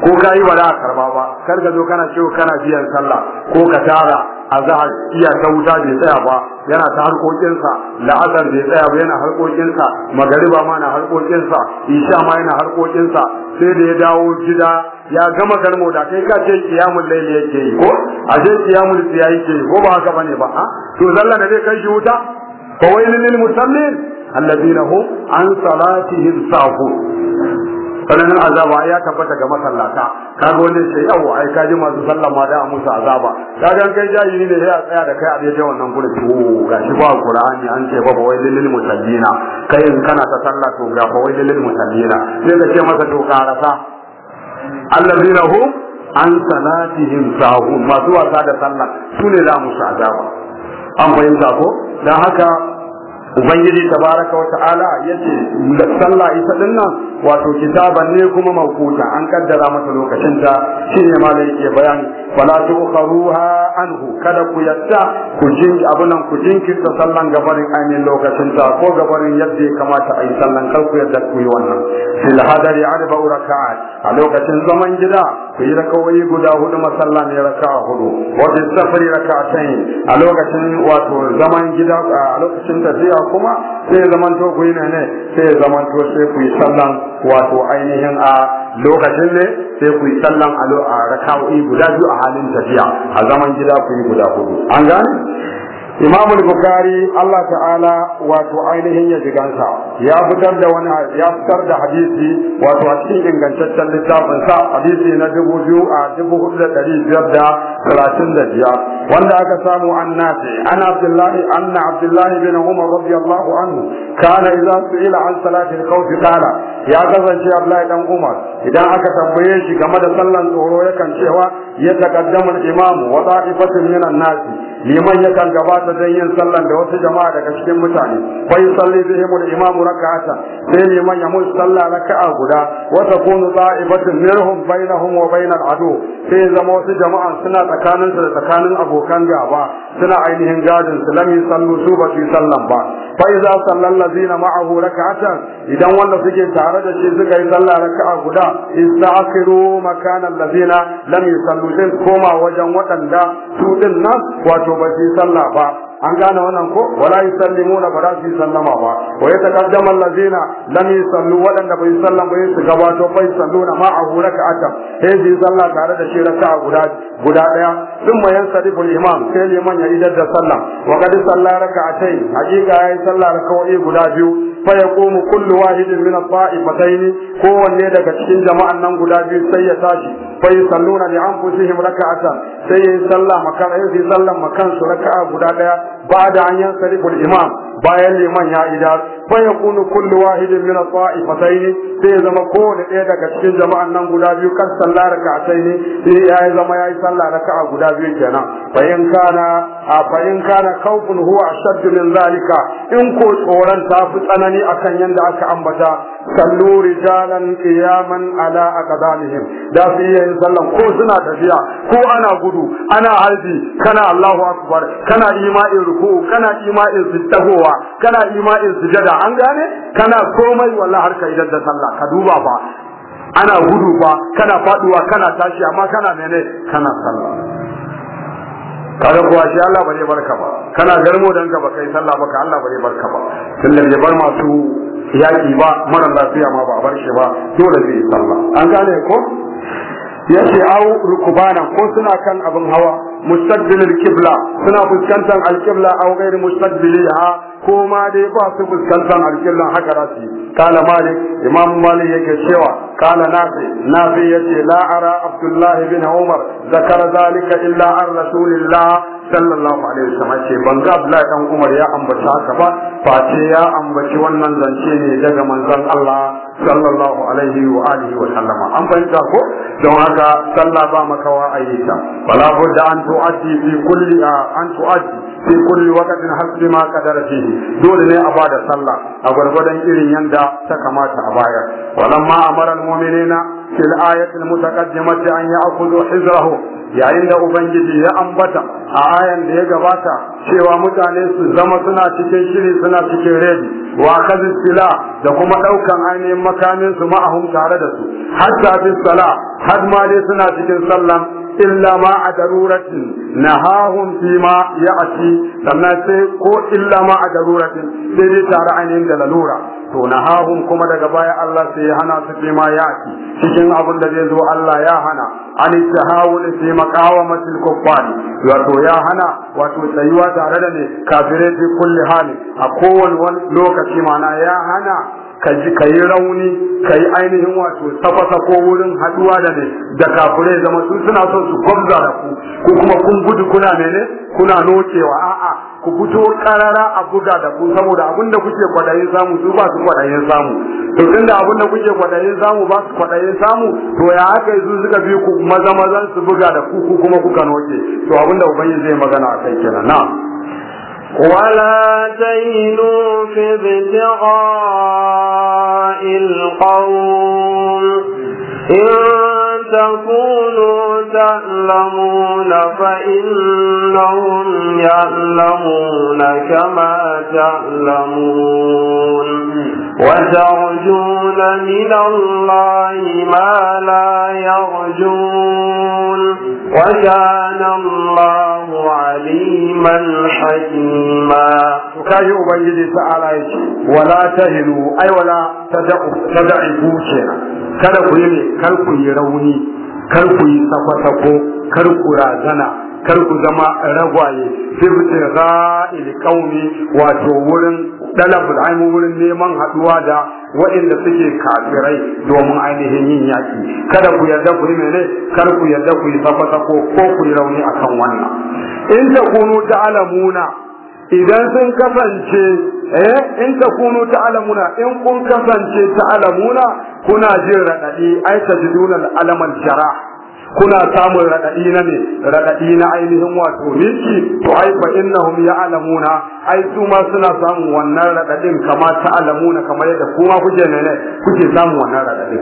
ko ka yi ba za a karba ba kar ka zo kana ciwo kana biyan sallah ko ka tara azhar iya ta wuta bai tsaya ba yana ta harkokinsa la'asar bai tsaya ba yana harkokinsa magariba ma na harkokinsa isha ma yana harkokinsa sai da ya dawo gida ya gama kalmo da kai ka ce qiyamul layl yake yi ko a ce qiyamul siya yake yi ko ba haka bane ba to sallah da zai kai shi wuta fa wailul lil musallin alladhina hum an salatihim sahun sananin azaba ya tabbata ga masallata kaga wannan sai yawo ai ka ji masu sallan ma da a musu azaba kaga kai jahili ne sai a tsaya da kai a daidai wannan gurin to gashi ba qur'ani an ce ba wai lil musallina kai in kana ta sallah to ga ba wai lil musallina sai ka ce masa to karasa allazina hum an salatihim sahun masu wasa da sallah su ne za mu azaba an fahimta ko dan haka ubangiji tabaraka wa ta'ala yace sallah ita dinnan wato kitaban ne kuma mawquta an kaddara masa lokacin ta shine malai yake bayani fala tuqruha anhu kada ku yatta ku jin nan ku jinkirta sallan gabarin amin lokacin ta ko gabarin yadda ya kamata ayi sallan kar ku yadda ku yi wannan fil hadari arba raka'at a lokacin zaman gida ku yi rakawoyi guda hudu masallan ne raka'a hudu wa safari raka'atayn a lokacin wato zaman gida a lokacin tafiya kuma sai zamanto ku yi mene sai zamanto sai ku yi sallan wato ainihin a lokacin ne sai ku yi sallan a raka'o'i guda biyu a halin tafiya a zaman gida ku yi guda hudu an gane Imam Bukhari Allah ta'ala wato ainihin ya jigansa ya fitar da wani ya fitar da hadisi wato a cikin ingantaccen littafin sa hadisi na dubu biyu a dubu hudu da dari biyar da talatin da biyar wanda aka samu an nafi an Abdullahi anna Abdullahi bin Umar radiyallahu anhu kana idza su'ila an salati al-khawf qala ya kasance Abdullahi dan Umar idan aka tambaye shi game da sallan tsoro yakan cewa ya taqaddamu al-imam wa da'ifatun minan nasi liman ya yakan gabata don yin sallan da wasu jama'a daga cikin mutane fa yusalli mu da imam rak'atan sai liman ya mun sallah raka'a guda wa kunu ta'ibatun minhum bainahum wa bainal adu sai zama wasu jama'a suna tsakanin su da tsakanin abokan gaba suna ainihin gadin su lam sallu su ba su sallan ba fa iza sallal ladina ma'ahu rak'atan idan wanda suke tare da shi suka yi sallah raka'a guda ista'kiru makana allazina lam yusallu din koma wajen waɗanda su din nan wato ba su sallah ba an gane wannan ko wala yusallimuna ba za su sallama ba wa yataqaddamu allazina lam yusallu waɗanda bai sallan ba su gabato bai salluna ma'ahu raka'ata sai su sallah tare da shi raka'a guda guda daya Sun yansarifu al-imam sai liman ya idar da sallah wa qad salla raka'atayn hakika yayi sallah raka'a guda biyu fa mu kullu wahidin min at-ta'ifatayn kowanne daga cikin jama'an nan guda biyu sai ya tashi fa yusalluna li anfusihim raka'atan sai ya salla makan sai sallan makan su raka'a guda daya ba'da an yansarifu al-imam bayan liman ya idar fa yakunu kullu wahidin min at-ta'ifatayn sai zama kowane ɗaya daga cikin jama'an nan guda biyu kan sallah raka'atayn sai ya zama yayi sallah raka'a guda biyu kenan fa in kana fa in kana khawfun huwa ashadd min zalika in ko tsoron ta fi tsanani akan yanda aka ambata sallu rijalan qiyaman ala aqdamihim da su yi sallan ko suna tafiya ko ana gudu ana harbi kana Allahu akbar kana imani ruku kana imani sittahowa kana imani sujada an gane kana komai wallahi har ka idan da sallah ka duba fa ana gudu fa kana faduwa kana tashi amma kana mene kana sallah kada kuwa shi Allah bare barka ba kana garmo dan ka ba kai sallah ba ka Allah bare barka ba tunda bar masu yaki ba mara lafiya ma ba a bar shi ba dole zai yi sallah an gane ko ya ce au rukubanan ko suna kan abin hawa mustaqbilil Kibla suna fuskantar alkibla au ghairi mustaqbiliha ko ma dai ba su fuskantar alƙillan haka rasi kala malik imam malik yake cewa kala nafi nafi yace la ara abdullah bin umar zakara zalika illa an rasulillah sallallahu alaihi wasallam ce ban ga abdullah dan umar ya ambaci haka ba face ya ambaci wannan zance ne daga manzon Allah sallallahu alaihi wa alihi wa sallama an fahimta ko don haka sallah ba makawa ayyuka wala budda an tu'addi fi kulli an tu'addi fi kulli waqtin hasbi ma qadara fihi dole ne a bada sallah a gurgurdan irin yanda ta kamata a bayar ma amara almu'minina fil ayati almutaqaddimati an ya'khudhu hizrahu yayin da ubangiji ya ambata a ayan da ya gabata cewa mutane su zama suna cikin shiri suna cikin redi wa kazi sila da kuma daukan ainihin makamin su ma'ahum tare da su hatta fi sala har ma dai suna cikin sallan illa ma a daruratin nahahum fi ma ya'ti sannan sai ko illa ma a daruratin sai dai tare ainihin da lalura to nahahum kuma daga baya Allah sai ya hana su fi ma ya'ti cikin abin da zai zo Allah ya hana an tahawul fi maqawamatil kuffar wato ya hana wato tsayuwa tare da ne kafirai fi kulli hali a kowane lokaci mana ya hana ka yi rauni ka yi ainihin wato tafasa ko wurin haduwa da ne da kafure. zama su suna son su gwamza da ku Ku kuma kun gudu kuna ne kuna nokewa a'a ku fito karara a buga da ku saboda abin da kuke kwadayin samu su ba su kwadayin samu to da abin da kuke kwadayin samu ba su kwadayin samu to ya yi su suka bi ku maza mazan su buga da ku ku kuma kuka noke to abin da ubangiji zai magana a kai kenan na'am ولا تينوا في ابتغاء القوم إن تكونوا تعلمون فإنهم يعلمون كما تعلمون وترجون من الله ما لا يرجون وكان الله عليما حكيما وكاي أبنجي تعالى ولا تهلوا أي ولا تدعوا تدعفوا kada ku yi kar ku yi rauni kar ku yi sako ko kar ku razana kar ku zama ragwaye fibtigha il qaumi wato wurin dalabul aimu wurin neman haduwa da waɗanda suke kafirai domin ainihin yin yaki kada ku yarda ku yi mene kar ku yarda ku yi sako ko ku yi rauni akan wannan in kunu takunu alamuna idan sun kasance eh in ta ta'lamuna in kun kasance ta'lamuna kuna jin raɗaɗi ai alaman alamal jarah kuna samun raɗaɗi na ne raɗaɗi na ainihin wato miki to ai fa innahum ya'lamuna ai su ma suna samun wannan raɗaɗin kama ta'lamuna kamar yadda kuma kuke ne ne kuke samun wannan raɗaɗi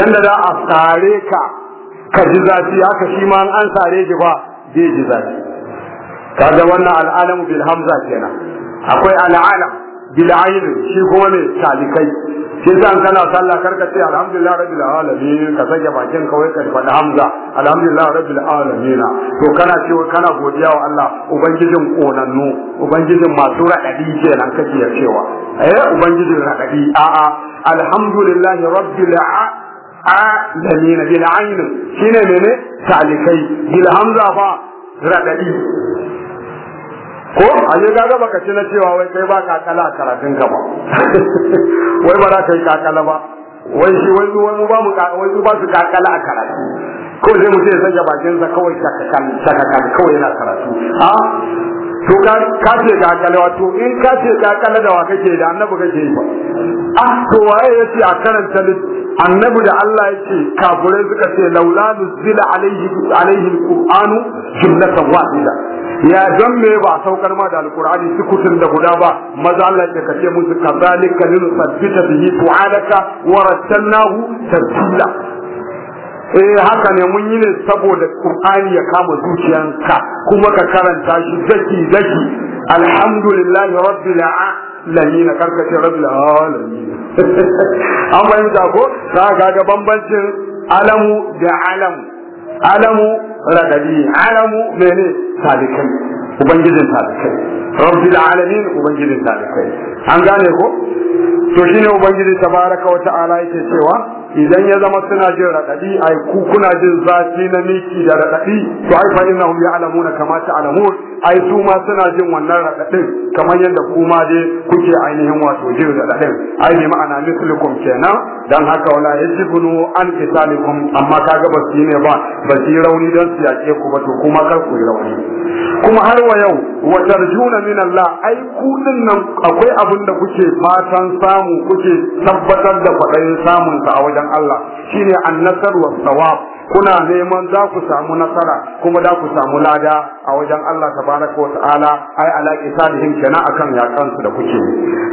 yanda za a sare ka ka ji zafi haka shi ma an sare ki ba zai ji zafi kaga wannan al'alamu bil hamza kenan akwai al'alam bil ayn shi kuma ne talikai shi san kana sallah karka ce alhamdulillah rabbil alamin ka sake bakin ka wai ka faɗi hamza alhamdulillah rabbil alamin to kana cewa kana godiya wa Allah ubangijin konannu ubangijin masu raɗaɗi kenan kake cewa eh ubangijin raɗaɗi a'a alhamdulillah rabbil alamin alamina bil ainin shine ne talikai bil hamza fa radadi ko a yi ga baka ci na cewa wai kai ba kakala a karatun ka ba wai ba za ka yi kakala ba wai shi wai zuwa ba mu wai ba su kakala a karatu ko sai mu ce ya sanya bakin sa kawai sakakan sakakan kawai yana karatu a ah! to ka ce kakala to in ka ce kakala da wa kake da annabi kake yi ba a ah! to waye ce a karanta annabi da Allah ya ce kafurai suka ce laula nuzila alaihi alaihi alquranu jumlatan wahida ya don me ba a saukar ma da alkur'ani sukutun da guda ba maza Allah ya kace musu kazalika linusabbita bihi fu'alaka wa rattalnahu tartila eh haka ne mun yi ne saboda qur'ani ya kama zuciyanka kuma ka karanta shi zaki zaki alhamdulillahi rabbil alamin karkace rabbil alamin an bayyana ko za ka ga bambancin alamu da alamu alamu ragadi alamu mene salikai ubangijin salikai rabbil alamin ubangijin salikai an gane ko to shine ubangiji tabaraka wa ta'ala yake cewa idan ya zama suna jin raɗaɗi a yi kukuna jin zafi na miki da raɗaɗi to ai fa alamu na kama alamu. ai su ma suna jin wannan raɗaɗin kamar yadda kuma dai kuke ainihin wato jin raɗaɗin ai bi ma'ana mislukum kenan dan haka wala yajibunu an qitalikum amma kaga ba su ne ba ba su rauni dan su yake ku ba to kuma kar ku yi rauni kuma har wa yau wa tarjuna min Allah ai ku din nan akwai abin da kuke fatan samu kuke tabbatar da kwaɗayin samun ta a wajen Wajen Allah shine annasar wa tsawab kuna neman za ku samu nasara kuma za ku samu lada a wajen Allah ta tabaraka wa ta'ala ai ala qisadihim kana akan yakan su da kuke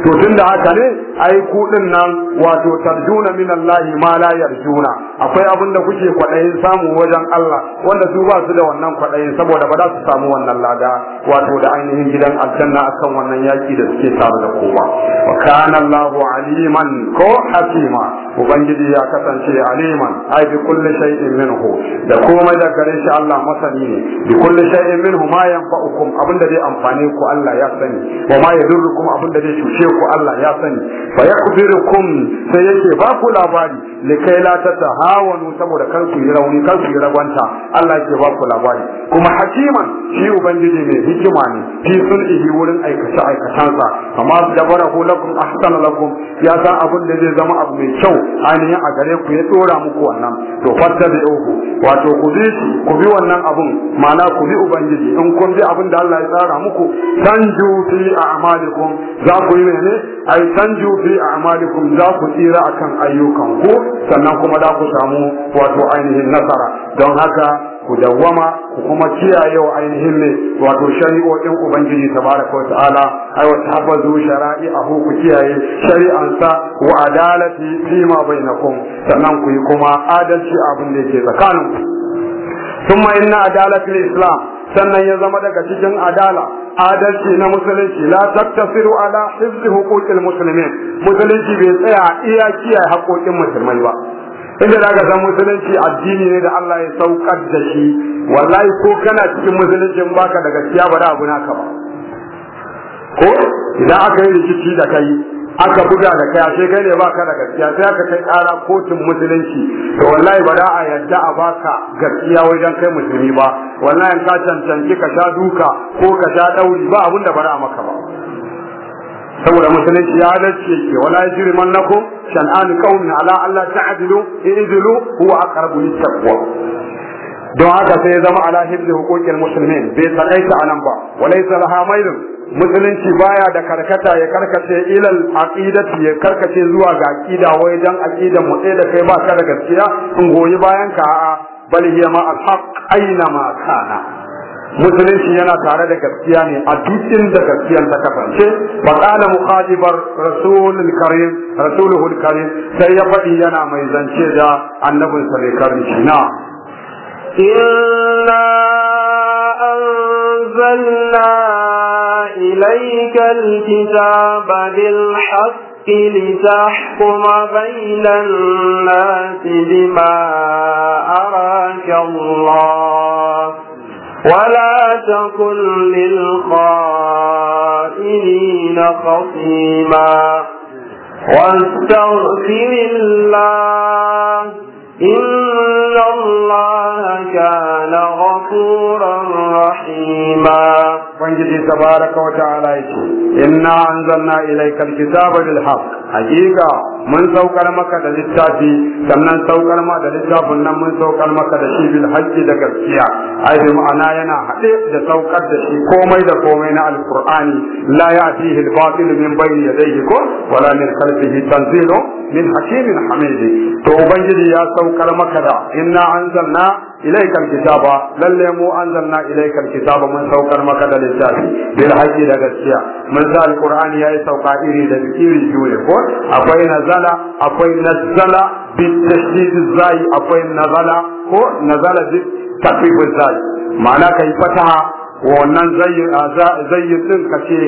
to tunda haka ne ai kuɗin nan wato tarjuna min Allah ma la yarjuna akwai abin da kuke kwadayin samu wajen Allah wanda su ba su da wannan kwadayin saboda ba za su samu wannan lada wato da ainihin gidan aljanna akan wannan yaki da suke tare da kowa wa kana Allahu aliman ko hakima ubangiji ya kasance aliman ai bi kulli shay'in minhu da komai da gare shi Allah masani ne bi kulli shay'in minhu ma yanfa'ukum abinda zai amfane ku Allah ya sani wa ma yadurrukum abinda zai cuce ku Allah ya sani fa yakbirukum sai yake ba ku labari likai la tatahawanu saboda kar ku yi rauni kar ku yi ragwanta Allah yake ba ku labari kuma hakiman shi ubangiji mai hikima ne fi sulhi wurin aikace aikatansa amma dabara lakum ahsana lakum ya san abin da zai zama abu mai kyau ainihin a gare ku ya tsora muku wannan to fatta da uku wato ku bi ku bi wannan abun ma'ana ku bi ubangiji in kun bi abin da Allah ya tsara muku sanju fi a'malikum za ku yi ne ai sanju fi a'malikum za ku tsira akan ayyukan ku sannan kuma za ku samu wato ainihin nasara don haka ku dawwama ku kuma kiyaye wa ainihin ne wato shari'o'in ubangiji tabaraka ta'ala ai wa tahfazu ahu ku kiyaye shari'ansa wa adalati ma bainakum sannan ku yi kuma adalci abin da yake tsakaninku thumma inna adalati islam sannan ya zama daga cikin adala adalci na musulunci la taktasiru ala hizbi huquqil muslimin musulunci bai tsaya iya kiyaye haƙoƙin musulmai ba inda za ka san musulunci addini ne da Allah ya saukar da shi wallahi ko kana cikin musulunci in baka da gaskiya ba da abu naka ba ko idan aka yi rikici da kai aka buga da kai sai kai ne baka da gaskiya sai aka kai ƙara kotun musulunci to wallahi ba da a yadda a baka gaskiya wajen kai musulmi ba wallahi ka cancanci ka sha duka ko ka sha ɗauri ba abin da ba maka ba saboda musulunci ya dace ke wala yajri mannakum shan'an kauni, ala alla ta'dilu i'dilu huwa aqrabu lit-taqwa don haka sai ya zama ala hibbi hukukin musulmin bai tsalaita a nan ba walai zalha musulunci baya da karkata ya karkace ilal aqidati ya karkace zuwa ga aqida wai dan aqidan mu da kai ba ka da gaskiya in goyi bayan ka a'a bal hiya ma al aina ma kana musulunci yana tare da gaskiya ne a dukkan da gaskiyar ta kafance fa qala mukhadibar rasulul karim rasuluhul karim sai ya faɗi yana mai zance da annabin sa mai karinci na inna anzalna ilayka alkitaba bil haqq لتحكم بين الناس بما أراك ولا تكن للخائنين خصيما واستغفر الله إن الله كان غفورا رحيما وانجد تبارك وتعالى ilai أنزلنا إليك الكتاب بالحق حقيقة mun saukar maka da littafi sannan saukar ma da littafin nan mun saukar maka da shi bil haqqi da gaskiya ai ma'ana yana haɗe da saukar da shi komai da komai na alqur'ani la ya'tihi al-batil min bayni yadayhi ko wala min khalfihi tanzilu min hakimin hamid to ubangiji ya saukar saukar maka da inna anzalna ilaikal kitaba lalle mu anzalna ilaikal kitaba mun saukar maka da littafi bil haqqi da gaskiya mun sa alqur'ani yayi sauka iri da iri jure ko akwai nazala akwai nazala bi tashdid zai akwai nazala ko nazala bi takfif zai ma'ana kai fataha wannan zai zai din kace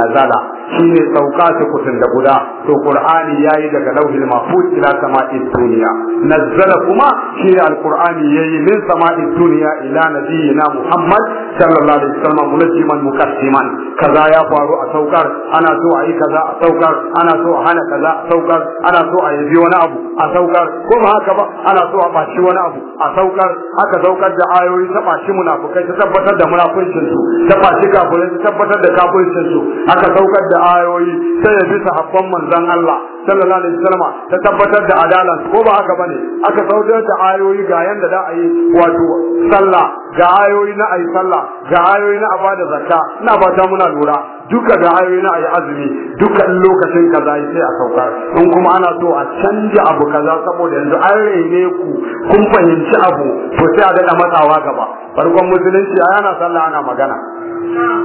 nazala shine sauka ta kutun da guda to qur'ani yayi daga lauhil mahfuz ila sama'id duniya nazzala kuma shi alqur'ani yayi min sama'id duniya ila nabiyina muhammad sallallahu alaihi wasallam mulajiman mukassiman kaza ya faru a saukar ana so a yi kaza a saukar ana so a hana kaza a saukar ana so a yi wani abu a saukar kuma haka ba ana so a bashi wani abu a saukar aka saukar da ayoyi ta bashi munafukai ta tabbatar da munafuncin su ta bashi kafirai ta tabbatar da kafircin su aka saukar da ayoyi sai ya bisa sahabban manzon Allah sallallahu alaihi wasallam ta tabbatar da adalan ko ba haka bane aka saudar da ayoyi ga yanda da a yi wato sallah ga ayoyi na ayi sallah ga ayoyi na abada zakka ina ba ta muna lura duka ga ayoyi na ayi azumi duka lokacin kaza sai a saukar in kuma ana so a canja abu kaza saboda yanzu an rene ku kun fahimci abu to sai a daɗa matsawa gaba farkon musulunci a yana sallah ana magana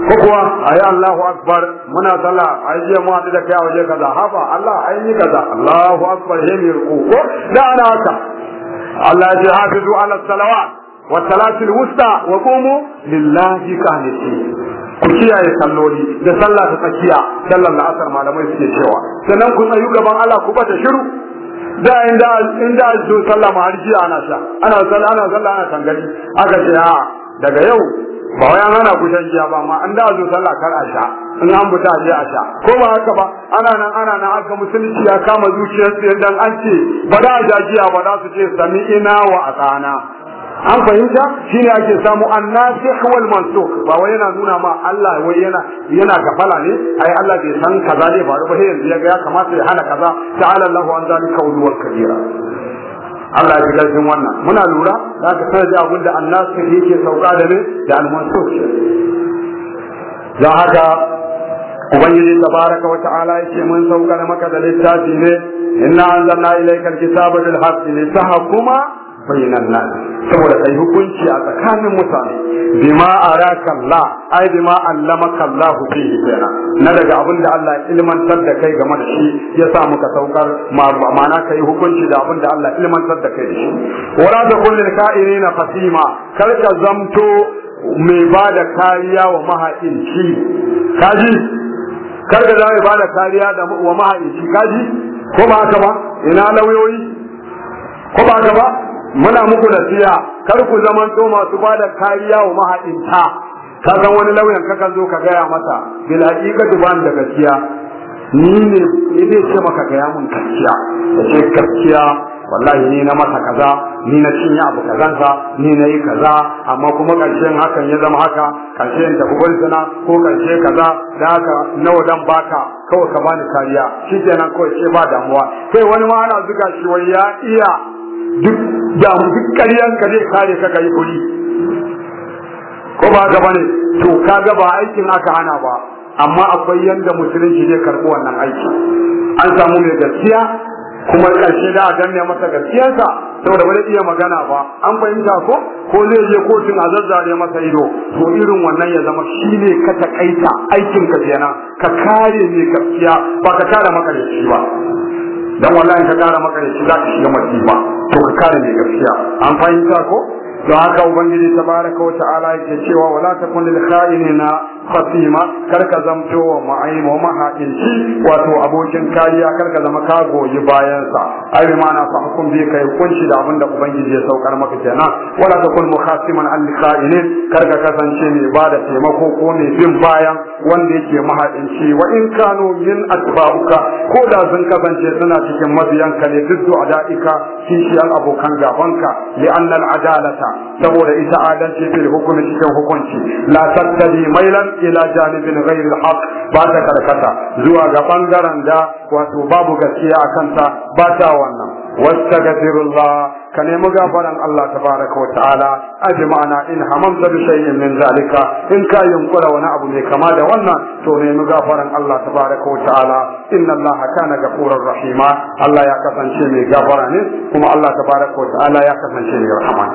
ko kuwa ayi Allahu akbar muna sala ayi je mu da kai waje kaza haba Allah ayi ni kaza Allahu akbar he mi ruku ko da ana haka Allah ya hafizu ala salawat wa salati wusta wa qumu lillahi qanitin ku kiyaye salloli da sallah ta tsakiya sallar asar malamai suke cewa sannan ku tsayu gaban Allah ku bata shiru da inda inda zo sallah ma har ana sha ana sallah ana sallah ana tangani aka ce a daga yau ba wai an hana ku shan giya ba amma an da zo sallah kar a sha in an buta je a sha ko ba haka ba ana nan ana nan aka musulunci ya kama zuciyar su yadda an ce ba da a giya ba za su ce sami ina wa asana an fahimta shine ake samu annasikh wal mansukh ba wai yana nuna ma Allah wai yana kafala ne? ne ai Allah bai san kaza ne faru ba sai yanzu ya ga ya kamata ya hana kaza ta'ala Allahu an zalika ulul kabira Allah ya ji wannan muna lura za ka sanar da abin da annasu yake sauka da ne da almansur don haka ubangiji tabaraka wa ta'ala yake mun saukar maka da littafi ne inna anzalna ilaykal kitaba bil haqqi tahkuma bainan nas saboda kai hukunci a tsakanin mutane bima araka Allah ai bima allamaka Allah fihi kenan na daga abin da Allah ilmantar da kai game da shi ya sa muka saukar ma'ana yi hukunci da abin da Allah ilmantar da kai da shi wala da kullil ka'irina fasima kar ka zamto mai ba da kariya wa maha'inci kaji kar ka zama ba da kariya wa maha'inci kaji ko ba haka ba ina lauyoyi ko ba haka ba muna muku siya kar ku zaman to masu bada kariya wa mahaɗinta ka san wani lauyan ka kan zo ka gaya mata bil haqiqati ban da gaskiya ni ne ni ne ce maka gaya mun gaskiya da ce gaskiya wallahi ni na mata kaza ni na cinye abu kazansa ni na yi kaza amma kuma ƙarshen hakan ya zama haka ta tafi sana ko ƙarshe kaza da haka nawa dan baka kawai ka bani kariya shi kenan kawai ce ba damuwa kai wani ma ana zuga shi wai ya iya duk da duk ƙaryan ka zai kare ka kai ko ba ka bane to kaga ba aikin aka hana ba amma akwai yanda musulunci zai karɓi wannan aiki an samu mai gaskiya kuma karshe da a ganye masa gaskiyarsa saboda bai zai iya magana ba an fahimta ko ko zai je kotun a zazzare masa ido to irin wannan ya zama shi ne ka takaita aikin ka kenan ka kare mai gaskiya ba ka kare makarici ba dan wallahi ka kare makarici za ka shiga masifa to ka kare ne gaskiya an fahimta ko don haka ubangiji tabaraka wa ta'ala yake cewa wala takun lil kha'inina fasima kar ka zamto wa ma'aima wa mahaqin wato abokin kariya kar ka zama ka goyi bayan sa ai mana na fa hukum bi kai da abinda ubangiji ya saukar maka kenan wala takun mukhasiman al kha'ilin kar ka kasance mai bada taimako ko mai bin bayan wanda yake mahadinci wa in kanu min ko da sun kasance suna cikin mabiyanka ne duk daika kishiyar abokan gabanka li anna al adalata saboda ita adalci fil hukumi cikin hukunci la tattabi mailan ila janibin ghairi al haqq ba ta karkata zuwa ga bangaren da wato babu gaskiya akan ta ba ta وانا واستغفر الله ka nemi gafaran Allah tabaraka wa ta'ala ajma'ana in hamamta bi shay'in min zalika in ka yunkura wani abu mai kama da wannan to nemi gafaran Allah tabaraka wa ta'ala inna Allah kana ghafurur rahima Allah ya kasance mai gafara ne kuma Allah tabaraka wa ta'ala ya kasance mai rahama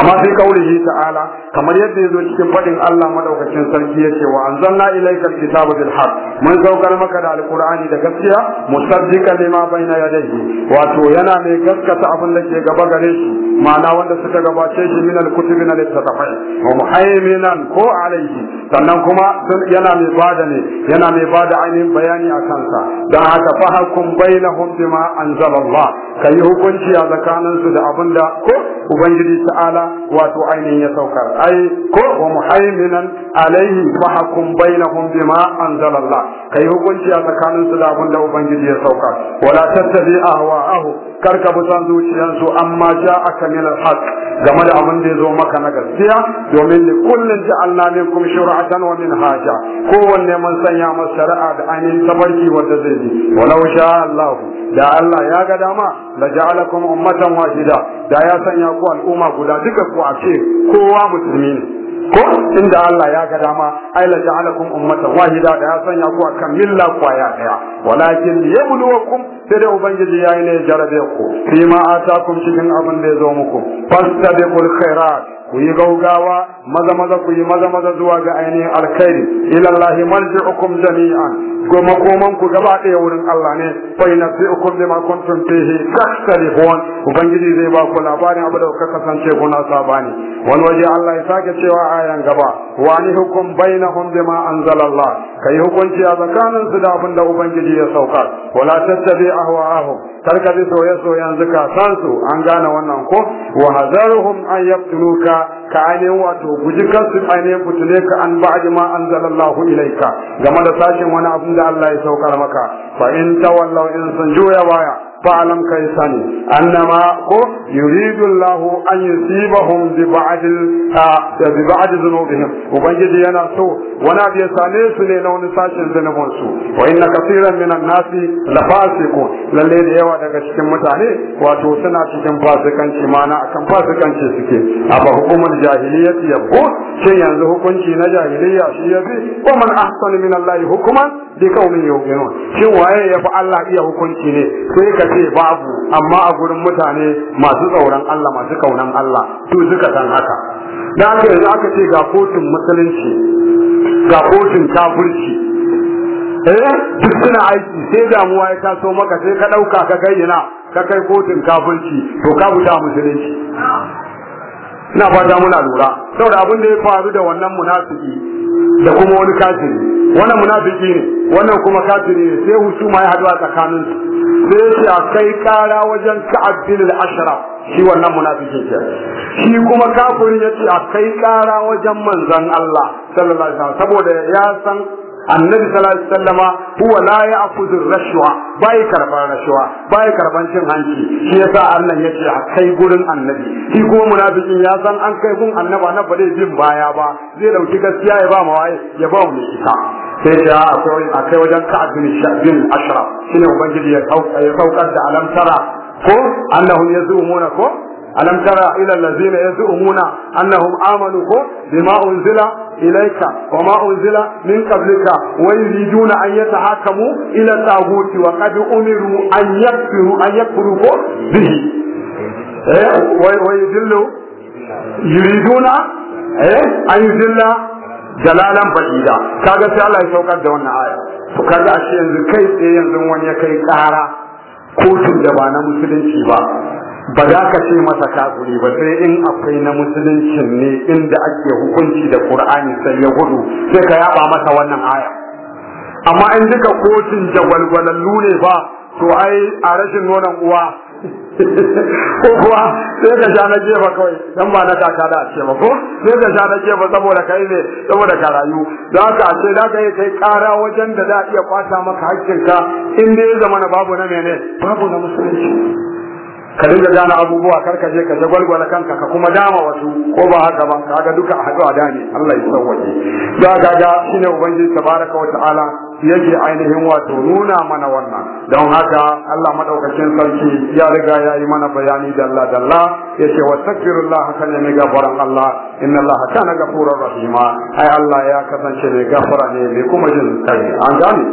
kama sai kaulihi ta'ala kamar yadda yazo cikin fadin Allah madaukakin sarki yace wa anzalna ilayka alkitaba bil haqq mun saukar maka da alqur'ani da gaskiya musaddiqan lima bayna yadayhi wato yana mai gaskata abin da ke gaba gare su ma'ana wanda suka gabace shi min al-kutubi na littattafai wa muhaiminan ko alaihi sannan kuma yana mai bada ne yana mai bada ainihin bayani a kansa dan haka fa hakum bainahum bima anzalallah kai hukunci a tsakanin su da abinda ko ubangiji ta'ala wato ainihin ya saukar ai ko wa muhaiminan alaihi fa hakum bainahum bima anzalallah kai hukunci a tsakanin su da abinda ubangiji ya saukar wala tattabi ahwa'ahu karka busan zuciyansu amma amma ja'aka min al game da abin da ya zo maka na gaskiya domin li kullin ja'alna minkum shur'atan wa minhaja kowanne mun sanya masa shari'a da ainihin tabarki wanda zai bi walau sha Allah da Allah ya ga dama la ja'alakum ummatan wahida da ya sanya ku al'umma guda duka ku a ce kowa musulmi ne ko da Allah ya ga dama ai la ja'alakum ummatan wahida da ya sanya ku kan milla kwaya daya walakin yabluwakum sai da ubangiji ya yi ne jarabe ku fima atakum cikin abin da ya zo muku fastabiqul khairat ku yi gaugawa maza maza ku yi maza maza zuwa ga ainihin alkhairi ila Allah marji'ukum jami'an goma koman ku gaba ɗaya wurin Allah ne na fa yunabbi'ukum bima kuntum fihi tastalifun ubangiji zai ba ku labarin abu da kuka kasance kuna sabani wani waje Allah ya sake cewa ayan gaba wani hukum an bima anzalallah kai hukunci a su da abin da ubangiji ya sauka wala tattabi ahwa'ahum karka bi soye-soyen zukatansu an gane wannan ko wa hazaruhum an yaftunuka ka ane wato guji kansu ane fitune ka an ba'di ma anzalallahu ilaika game da sashin wani abin da Allah ya saukar maka fa in tawallaw in sun juya baya fa'alam kai sani annama ko yuridu Allah an yusibahum bi ba'd bi ba'd dhunubihim ubangiji yana so wani abu ya same su ne na sashen sashin zunubin su wa inna kaseeran minan nasi la fasiqun lalle da yawa daga cikin mutane wato suna cikin fasikanci mana akan fasikanci suke amma hukumar jahiliyyati yabbu shin yanzu hukunci na jahiliyya shi yabi wa man hukuma, min Allah hukuman bi qaumin yuqinun shin waye yafi Allah iya hukunci ne sai ka ce babu amma a gurin mutane masu tsauran Allah masu kaunan Allah su suka san haka dan haka yanzu aka ce ga kotun musulunci ga kotun kafirci eh duk suna aiki sai damuwa ya taso maka sai ka dauka ka gayyana ka kai kotun kafirci to ka buta musulunci ina fata muna lura saboda abin da ya faru da wannan munafiki da kuma wani kafiri wannan munafiki ne wannan kuma kafiri ne sai ma ya haɗu a tsakanin sai ya ce a kai kara wajen ka'ab bin al shi wannan munafiki ke shi kuma kafirin ya ce a kai kara wajen manzon Allah sallallahu alaihi wasallam saboda ya san annabi sallallahu alaihi wasallama huwa la ya'khudhu ar-rashwa bai karban rashwa bai karban cin hanci shi yasa Allah ya ce kai gurin annabi shi kuma munafikin ya san an kai gun annaba na ba zai bin baya ba zai dauki gaskiya ya ba waye ya ba mu ita sai da akwai akai wajen ka'ab bin sha'bin ashraf shine ubangiji ya saukar da alamtara ko annahum yazumuna ko alam tara ila allazina yazumuna annahum amanu ko bima unzila ilayka wa ma unzila min qablika wa yuriduna an yatahakamu ila taguti wa qad umiru an yakfuru an yakfuru ko bihi eh wa yudillu yuriduna eh an yudilla jalalan ba'ida kaga sai Allah ya saukar da wannan aya to kaga ashe yanzu kai tsaye yanzu wani ya kai kara kotun da ba na musulunci ba ba za ka ce masa kafiri ba sai in akwai na musuluncin ne inda ake hukunci da qur'ani sai ya gudu sai ka yaba masa wannan aya amma in duka kotun walwalallu ne ba to ai a rashin nonon uwa ko kuwa sai ka sha na jefa kawai dan ba na kaka da a ce ko sai ka sha na jefa saboda kai ne saboda ka rayu za ka ce za ka yi kai kara wajen da za a iya kwata maka hakkinka in dai ya zama na babu na mene babu na musulunci ka dinga gane abubuwa kar ka je ka zagwalgwala kanka ka kuma dama wasu ko ba haka ba kaga duka hadu a dane Allah ya sauwaje da kaga shine ubangiji tabaraka wa ta'ala yake ainihin wato nuna mana wannan don haka Allah madaukakin sarki ya riga ya yi mana bayani dalla dalla yace wa takbirullah kan ne gafaran Allah inna Allah kana gafurur rahima ai Allah ya kasance mai gafara ne mai kuma jin kai an gane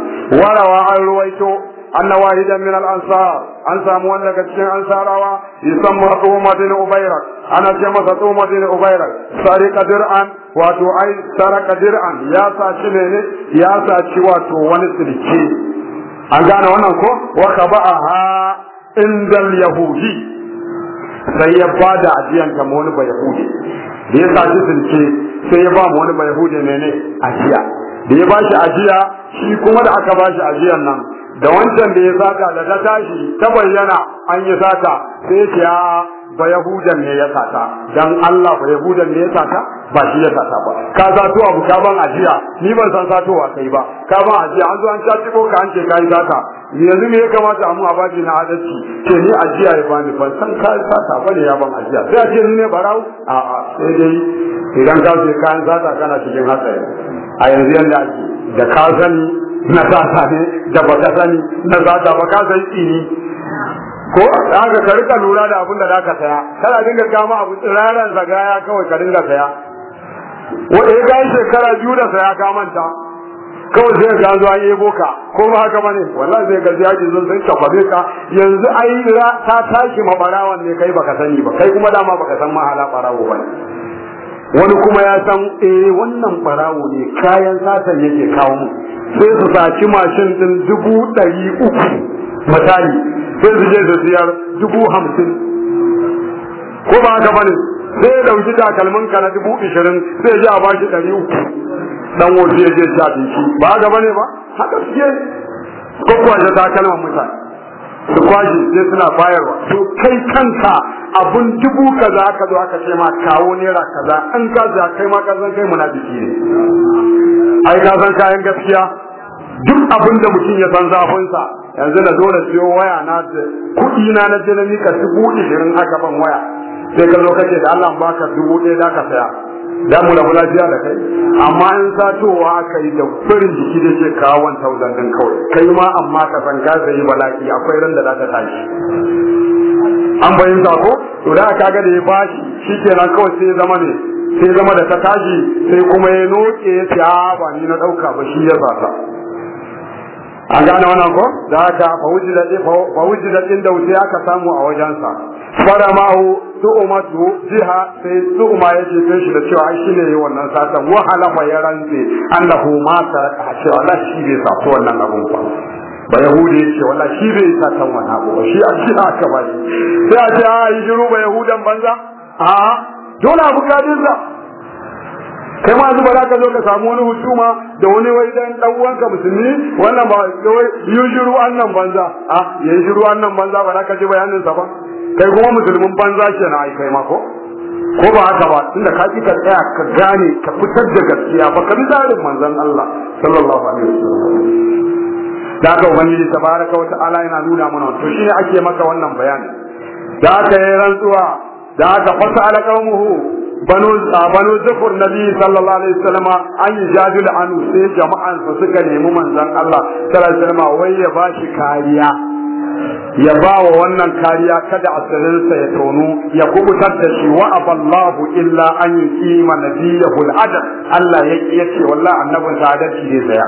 warawa an ruwaito Annawa wahidan min al an samu wanda daga cikin ansarawa yusamma Umar bin Ubairak ana ce masa Umar bin Ubairak sarika dir'an wato ai saraka dir'an ya saci ne ya saci wato wani sirki an gane wannan ko wa khaba'aha indal yahudi sai ya bada ajiyan ta wani ba yahudi da ya saci sirki sai ya ba mu wani ba yahudi ne ne ajiya da ya bashi ajiya shi kuma da aka bashi ajiyan nan da wancan da ya sata da ta tashi ta bayyana an yi sata sai ce ya ba yahudan ne ya sata dan Allah ba yahudan ne ya sata ba shi ya sata ba ka sato abu ka ban ajiya ni ban san satowa kai ba ka ban ajiya an zo an caci ko ka an ce kai sata yanzu ne ya kamata a mu a baki na adalci ce ni ajiya ya bani ban san ka sata ba ne ya ban ajiya sai a ce ni ne barau a a sai dai idan ka ce kayan sata kana cikin hatsari a yanzu yanda da ka sani na zata ne da baka sani na zata baka sani ini ko haka ka lura da abin da zaka saya kana dinga kama abu tsiraran zagaya kawai ka dinga saya wanda ya gani shekara biyu da saya ka manta kawai sai ka zo an yebo ka ko ba haka bane wallahi sai ka ji yaji zan san ka bare ka yanzu ai ta tashi mabarawan ne kai baka sani ba kai kuma dama baka san mahala barawo bane wani kuma ya san eh wannan barawo ne kayan sasan yake kawo mu sai su saci mashin din dubu ɗari uku misali sai su je su siyar dubu hamsin ko ba ka bane sai ya ɗauki takalmin ka na dubu ishirin sai ya ba shi ɗari uku dan wasu ya je sha shi ba ka bane ba haka suke ko kwashe takalman mutane su kwashe sai suna bayarwa to kai kanka abun dubu kaza aka zo aka ce ma kawo naira kaza an ka kai ma ka san kai munafiki ne ai ka san kayan gaskiya duk abin da mutum ya san zafinsa yanzu da dole siyo waya na kuɗi na na je na mika dubu ishirin aka gaban waya sai ka zo da Allah baka dubu ɗaya da ka saya da mu da lafiya da kai amma in satowa ka yi da farin jiki da ke kawo wani kawai kai ma amma ka san ka sayi bala'i akwai ran da za ta tashi an fahimta ko to da aka ga shi ya bashi shikenan kawai sai zama ne sai zama da ta tashi sai kuma ya noke ya ce a ba ni na ɗauka ba shi ya zata an gane wannan ko da haka fa wujida inda wuce aka samu a wajensa fara su tu'umatu jiha sai tu'uma ya jefe shi da cewa ai ne yi wannan satan wa halafa ya rantse annahu mata cewa la shi bai sato wannan abun ba ba yahudi ya ce Wala shi bai satan wannan abu shi a shi aka ba sai a ce a yi jiru ba yahudan banza a dole abu za. kai ma zuba za ka zo ka samu wani hukuma da wani wai dan dan uwanka musulmi wannan ba yi shiru annan banza a yi shiru annan banza ba za ka ji bayanin sa ba kai kuma musulmin banza kenan ai kai ma ko ko ba haka ba tunda ka ji ka tsaya ka gane ka fitar da gaskiya ba ka bi tsarin manzon Allah sallallahu alaihi wasallam da haka ubangiji tabaraka wa ta'ala yana nuna mana to shi ne ake maka wannan bayani da ka yi rantsuwa da ka fasa alaqamuhu banu banu zukur nabi sallallahu alaihi wasallam an yajadul anu sai jama'an su suka nemi manzon Allah sallallahu alaihi wasallam wai ya bashi kariya ya ba wa wannan kariya kada asirinsa ya tono ya kubutar da shi wa aballahu illa an yuqima nabiyahul adab Allah ya yace wallahi annabin sa adalci zai tsaya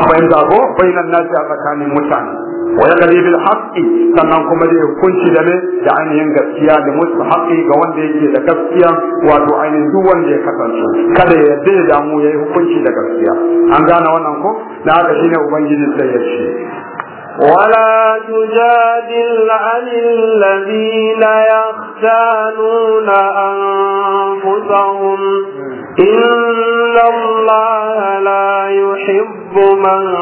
an bayyana ko bainan nasi a tsakanin mutane Waya yaqdi haƙƙi, sannan kuma zai hukunci da ne da ainihin gaskiya da musu haƙƙi ga wanda yake da gaskiya wato ainihin duk wanda ya kasance kada ya yarda da mu yayi hukunci da gaskiya an gane wannan ko na haka shine ubangiji sai ya ce ولا تجادل عن الذين يختانون أنفسهم إن الله لا يحب من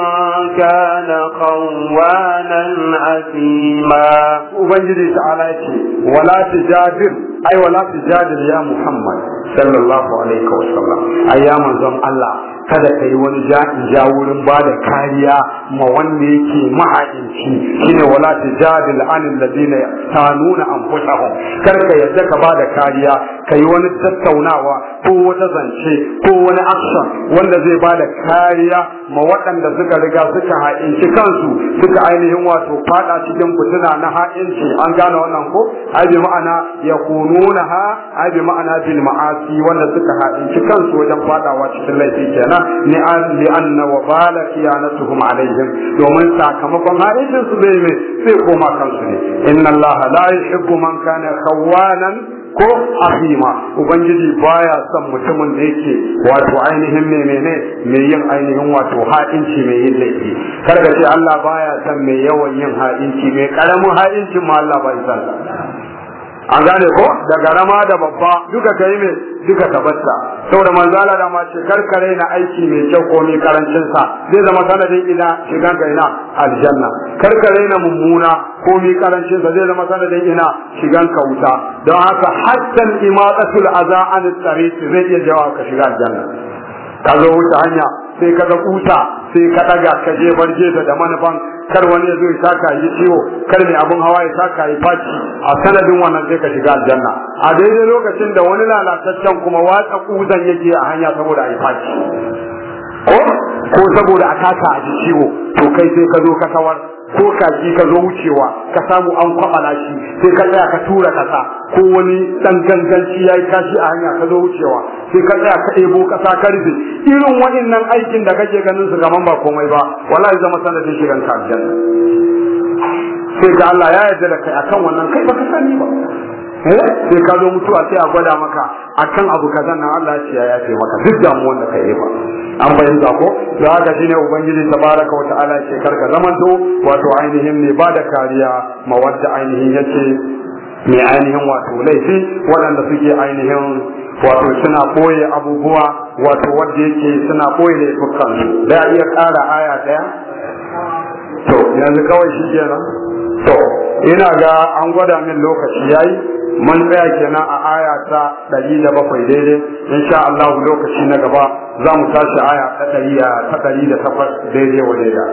كان خوانا عثيما وبنجد تعالى ولا تجادل ai wala tujadil ya muhammad sallallahu alaihi wa sallam ai ya manzon Allah kada ka yi wani ja'in ja wurin ba da kariya ma wanda yake ma'adinci shine wala tujadil an alladhina yastanuna anfusahum kar ka yadda ka ba da kariya ka yi wani tattaunawa ko wata zance ko wani action wanda zai ba da kariya ma waɗanda suka riga suka ha'inci kansu suka ainihin wato faɗa cikin fitina na ha'inci an gane wannan ko ai bi ma'ana ya kunu ya'ununaha ai bi ma'ana bil ma'asi wanda suka haɗinci kansu wajen fadawa cikin laifi kenan ni an li anna wa bala kiyanatuhum alaihim domin sakamakon haɗincin su zai mai sai koma kansu ne inna allah la yuhibbu man kana khawanan ko ahima ubangiji baya son mutumin da yake wato ainihin menene mai yin ainihin wato ha'inci mai yin laifi Kar ka ce Allah baya son mai yawan yin ha'inci mai karamin ha'incin ma Allah bai san an gane ko da garama da babba duka kai mai duka tabbata saboda manzo Allah da ma ce karkare na aiki mai kyau ko mai karancin zai zama sanadin ina shigan ka ina aljanna karkare na mummuna ko mai karancin zai zama sanadin ina shigan ka wuta don haka hatta imadatul aza an tariq zai iya jawa ka shiga aljanna ka zo wuta hanya sai ka ga kuta sai ka daga ka je bar gefe da manufan kar wani ya zo ya saka yi ciwo kar mai abun hawa ya saka yi faci a sanadin wannan sai ka shiga aljanna a daidai lokacin da wani lalataccen kuma watsa kudan yake a hanya saboda a yi faci ko saboda a kasa a ji ciwo to kai sai ka zo ka kawar ko kaji ka zo wucewa ka samu an kwabala shi sai ka tsaya ka tura kasa ko wani dan ganganci ya yi kashi a hanya ka zo wucewa sai ka tsaya ka ɗebo kasa ka rufe irin waɗannan aikin da kake ganin su gaman ba komai ba wallahi zama sanadin shi ka aljanna sai ga Allah ya yarda da kai akan wannan kai ba ka sani ba Eh? sai ka zo mutuwa sai a gwada maka a kan abu kaza nan Allah ya ya yafe maka duk damuwan da kai ba an fahimta ko da haka shine ubangiji tabaraka wa ta'ala ce karka to wato ainihin ne ba da kariya mawadda ainihin yace mai ainihin wato laifi waɗanda suke ainihin wato suna koye abubuwa wato wanda yake suna koye laifukansu da iya kara aya daya to yanzu kawai shi kenan to ina ga an gwada min lokaci yayi mun tsaya kenan a aya ta da bakwai daidai insha Allah lokaci na gaba za mu tashi aya ta takwas daidai wa daida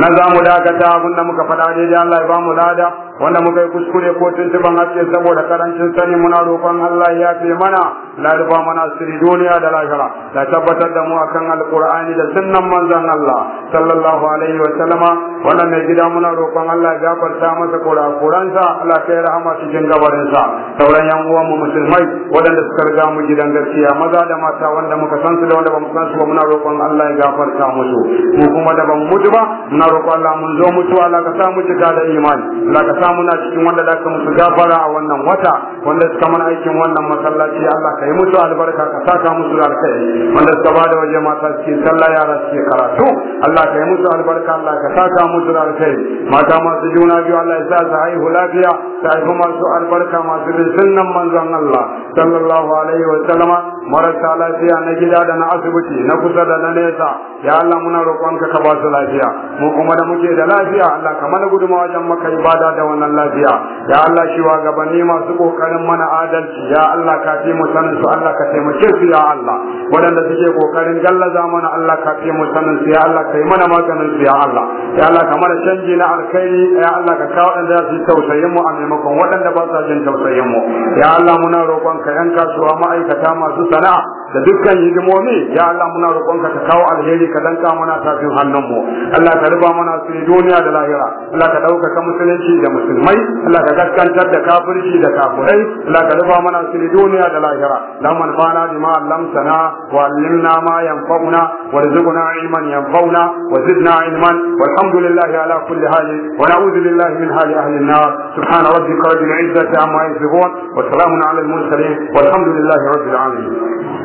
anan za mu dakata abin da muka faɗa daidai Allah ya ba mu lada wanda muka yi kuskure ko tuntuban haske saboda karancin sani muna roƙon Allah ya fi mana la mana sirri duniya da lahira da tabbatar da mu akan Alƙur'ani da sunnan manzon Allah sallallahu alaihi wa sallama wannan mai gida muna roƙon Allah ya gafarta masa kurakuransa Allah ya rahama cikin gabarinsa sauran yan uwan mu musulmai waɗanda suka riga mu gidan gaskiya maza da mata wanda muka san su da wanda bamu san su ba muna roƙon Allah ya gafarta musu mu kuma da bamu mutu ba muna roƙon Allah mun zo mutuwa Allah ka sa mu cika da imani Allah ka sa muna cikin wanda da ka musu gafara a wannan wata wanda suka mana aikin wannan masallaci Allah ka yi musu albarka ka saka musu da alkai wanda suka bada waje mata suke sallah yara suke karatu Allah ka yi musu albarka Allah ka saka musu da alkai mata masu juna biyu Allah ya sa su haihu lafiya ta haifi masu albarka masu bin sunnan manzon Allah sallallahu alaihi wa sallama marasa lafiya na gida da na asibiti na kusa da na nesa ya Allah muna roƙonka ka ba su lafiya mu kuma da muke da lafiya Allah ka mana guduma wajen maka ibada da wannan lafiya ya Allah shi wa gabanni masu kokarin mana adalci ya Allah ka fi mu sanin su Allah ka taimake su ya Allah waɗanda suke kokarin gallaza mana Allah ka fi mu sanin su ya Allah ka yi mana maganin su ya Allah ya Allah ka mana canji na alkhairi ya Allah ka kawo waɗanda za su yi tausayin mu a maimakon waɗanda ba sa jin tausayin mu ya Allah muna roƙon ka yan kasuwa ma'aikata masu sana'a da dukkan hidimomi ya Allah muna roƙon ka kawo alheri ka danka mana tafin hannun mu Allah ka riba mana su duniya da lahira Allah ka ɗaukaka musulunci da musulmai Allah ka gaskantar da kafirci da kafirai Allah ka riba mana su duniya da lahira la manfa'ana bima allamtana wa allimna ma yanfa'una warzuqna ilman yanfa'una wa zidna ilman walhamdulillahi ala kulli hal wa na'udhu billahi min hali ahli an-nar subhana rabbika rabbil izzati amma yasifun النبوة وسلام على المرسلين والحمد لله رب العالمين